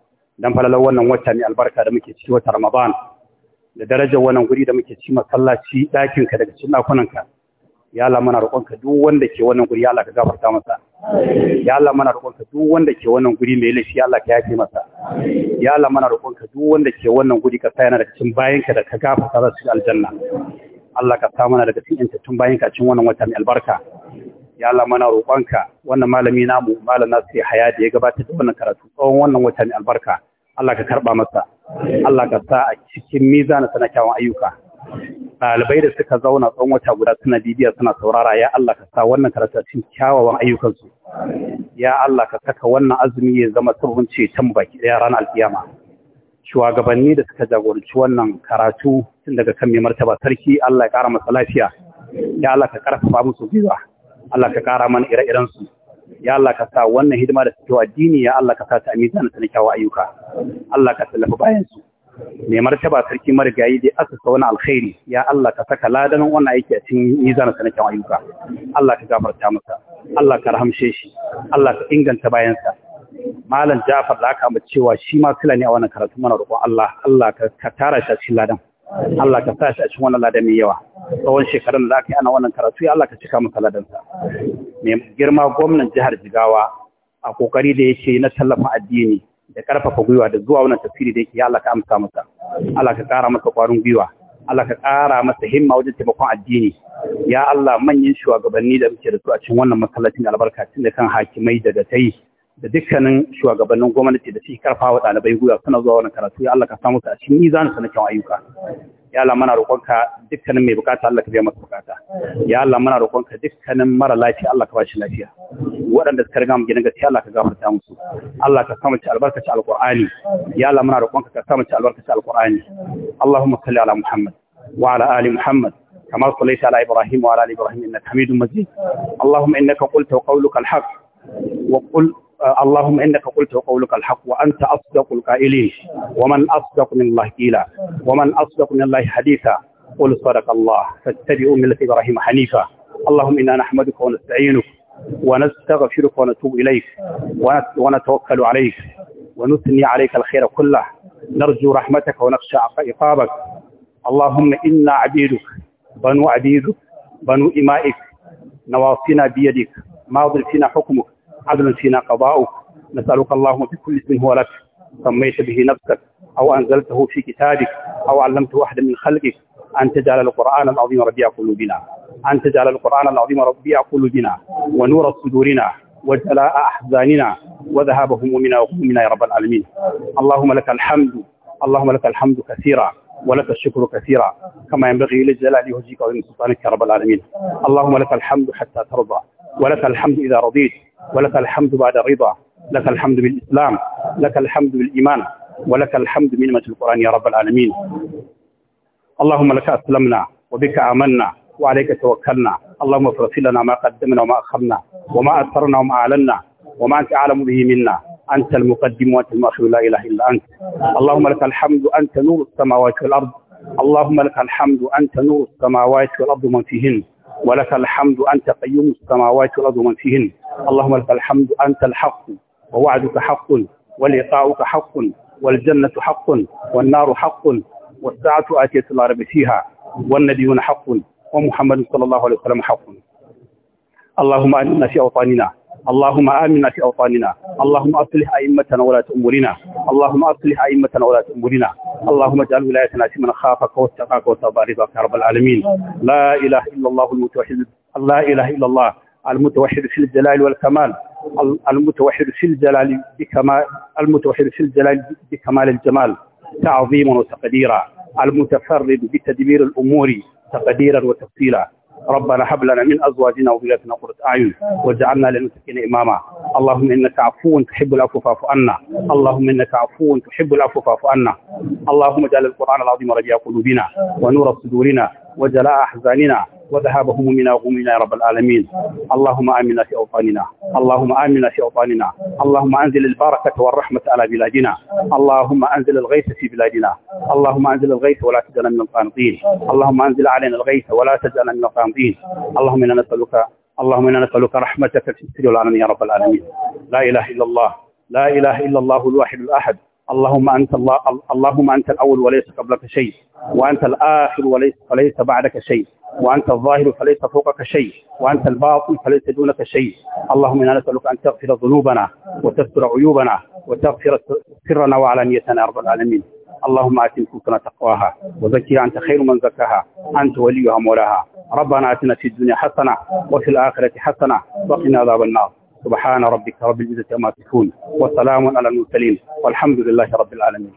Speaker 4: dan falalar wannan wata ne albarka da muke ciki wata Ramadan da darajar wannan guri da muke ci masallaci ɗakin ka daga cikin ɗakunan ka ya Allah muna roƙon ka duk wanda ke wannan guri ya Allah ka gafarta masa ya Allah muna roƙon ka duk wanda ke wannan guri mai laifi ya Allah ka yafe masa ya Allah muna roƙon ka duk wanda ke wannan guri ka sa yana daga cikin bayan ka da ka gafarta za su aljanna Allah ka sa mana daga cikin tun bayan ka cikin wannan wata mai albarka ya Allah muna roƙonka wannan malami namu malam Nasir Haya da ya gabatar da wannan karatu tsawon wannan wata mai albarka Allah ka karba masa Allah ka sa a cikin mizana sana kyawun ayyuka ɗalibai da suka zauna tsawon wata guda suna bibiya suna saurara ya Allah ka sa wannan karatu cikin kyawawan ayyukansu ya Allah ka saka wannan azumi ya zama sabon ceton baki ɗaya ranar alkiyama shugabanni da suka jagoranci wannan karatu tun daga kan mai martaba sarki Allah ya ƙara masa lafiya ya Allah ka ƙarfafa musu gwiwa Allah ka ƙara mana ire su. ya Allah ka sa wannan hidima da suke wa addini ya Allah ka sa ta amisa na kyawu ayyuka Allah ka tallafa bayan su mai martaba sarki marigayi dai sa wani alkhairi ya Allah ka saka ladan wannan aiki a cikin mizanin kyawu ayyuka Allah ka gafarta masa Allah ka rahamshe shi Allah ka inganta bayansa malam Ja'far da aka amince cewa shi ma kula ne a wannan karatu mana roƙon Allah Allah ka tara shi a cikin ladan Allah ka sa shi a cikin wannan ladan mai yawa tsawon shekarun da aka yi ana wannan karatu ya Allah ka cika masa ladansa mai girma gwamnan jihar Jigawa a kokari da yake na tallafa addini da karfafa gwiwa da zuwa wannan tafsiri da yake ya Allah ka amsa masa Allah ka kara masa kwarin gwiwa Allah ka kara masa himma wajen taimakon addini ya Allah manyan shugabanni da muke da su a cikin wannan masallacin albarka tun da kan hakimai daga da da dukkanin shugabannin gwamnati da su karfa wa ɗalibai gwiwa suna zuwa wani karatu ya Allah ka samu su a cikin su na kyawun ayyuka ya Allah muna roƙonka dukkanin mai bukata Allah ka biya masa bukata ya Allah muna roƙonka dukkanin mara lafiya Allah ka ba shi lafiya waɗanda suka riga mu gidan gaskiya Allah ka gafarta musu Allah ka samu ci albarkaci alqur'ani ya Allah muna roƙonka ka samu ci albarkaci alqur'ani Allahumma salli ala Muhammad wa ala ali Muhammad كما صليت على ابراهيم وعلى ال ابراهيم انك حميد مجيد اللهم انك قلت وقولك الحق وقل اللهم إنك قلت وقولك الحق وأنت أصدق القائلين ومن أصدق من الله قيلا ومن أصدق من الله حديثا قل صدق الله فاتبعوا ملة إبراهيم حنيفا اللهم إنا نحمدك ونستعينك ونستغفرك ونتوب إليك ونتوكل عليك ونثني عليك الخير كله نرجو رحمتك ونخشى عقابك اللهم إنا عبيدك بنو عبيدك بنو إمائك نواصينا بيدك ماض فينا حكمك عدلا فينا قضاؤك نسألك اللهم في كل اسم هو لك سميت به نفسك أو أنزلته في كتابك أو علمته أحد من خلقك أن تجعل القرآن العظيم ربيع قلوبنا أن تجعل القرآن العظيم ربيع قلوبنا ونور صدورنا وجلاء أحزاننا وذهاب همومنا وغمومنا يا رب العالمين اللهم لك الحمد اللهم لك الحمد كثيرا ولك الشكر كثيرا كما ينبغي للجلال وجهك ومن سلطانك يا رب العالمين اللهم لك الحمد حتى ترضى ولك الحمد إذا رضيت ولك الحمد بعد الرضا لك الحمد بالإسلام لك الحمد بالإيمان ولك الحمد بنعمة القرآن يا رب العالمين اللهم لك أسلمنا وبك آمنا وعليك توكلنا اللهم اغفر لنا ما قدمنا وما أخرنا وما أثرنا وما أعلنا وما أنت أعلم به منا أنت المقدم وأنت المؤخر لا إله إلا أنت اللهم لك الحمد أنت نور السماوات والأرض اللهم لك الحمد أنت نور السماوات والأرض ومن فيهن ولك الحمد أنت قيوم السماوات والأرض ومن فيهن اللهم لك الحمد أنت الحق ووعدك حق ولقاؤك حق والجنة حق والنار حق والساعة آتية لا ريب فيها والنبيون حق ومحمد صلى الله عليه وسلم حق اللهم آمنا في أوطاننا اللهم آمنا في أوطاننا اللهم أصلح أئمتنا ولاة أمورنا اللهم أصلح أئمتنا ولاة أمورنا اللهم اجعل ولايتنا في من خافك واتقاك وتبارك يا رب العالمين لا إله إلا الله المتوحد لا إله إلا الله المتوحد في الجلال والكمال المتوحد في الجلال بكمال المتوحد في الجلال بكمال الجمال تعظيما وتقديرا المتفرد بتدبير الأمور تقديرا وتفصيلا ربنا هب لنا من ازواجنا وذرياتنا قرة اعين واجعلنا للمتقين اماما اللهم انك عفو تحب العفو فاعف عنا اللهم انك عفو تحب العفو فاعف عنا اللهم اجعل القران العظيم ربيع قلوبنا ونور صدورنا وجلاء احزاننا وذهابهم منا وغمنا يا رب العالمين اللهم آمنا في أوطاننا اللهم آمنا في أوطاننا اللهم أنزل البركة والرحمة على بلادنا اللهم أنزل الغيث في بلادنا اللهم أنزل الغيث ولا تجعلنا من القانطين اللهم أنزل علينا الغيث ولا تجعلنا من القانطين اللهم إنا نسألك اللهم إنا نسألك رحمتك في السر والعلن يا رب العالمين لا إله إلا الله لا إله إلا الله الواحد الأحد اللهم أنت الله اللهم أنت الأول وليس قبلك شيء وأنت الآخر وليس وليس بعدك شيء وأنت الظاهر فليس فوقك شيء وأنت الباطن فليس دونك شيء اللهم إنا نسألك أن تغفر ذنوبنا وتستر عيوبنا وتغفر سرنا وعلانيتنا يا رب العالمين اللهم أتم كنا تقواها وذكر أنت خير من زكاها أنت وليها مولاها ربنا آتنا في الدنيا حسنة وفي الآخرة حسنة وقنا عذاب النار سبحان ربك رب العزة عما يصفون وسلام على المرسلين والحمد لله رب العالمين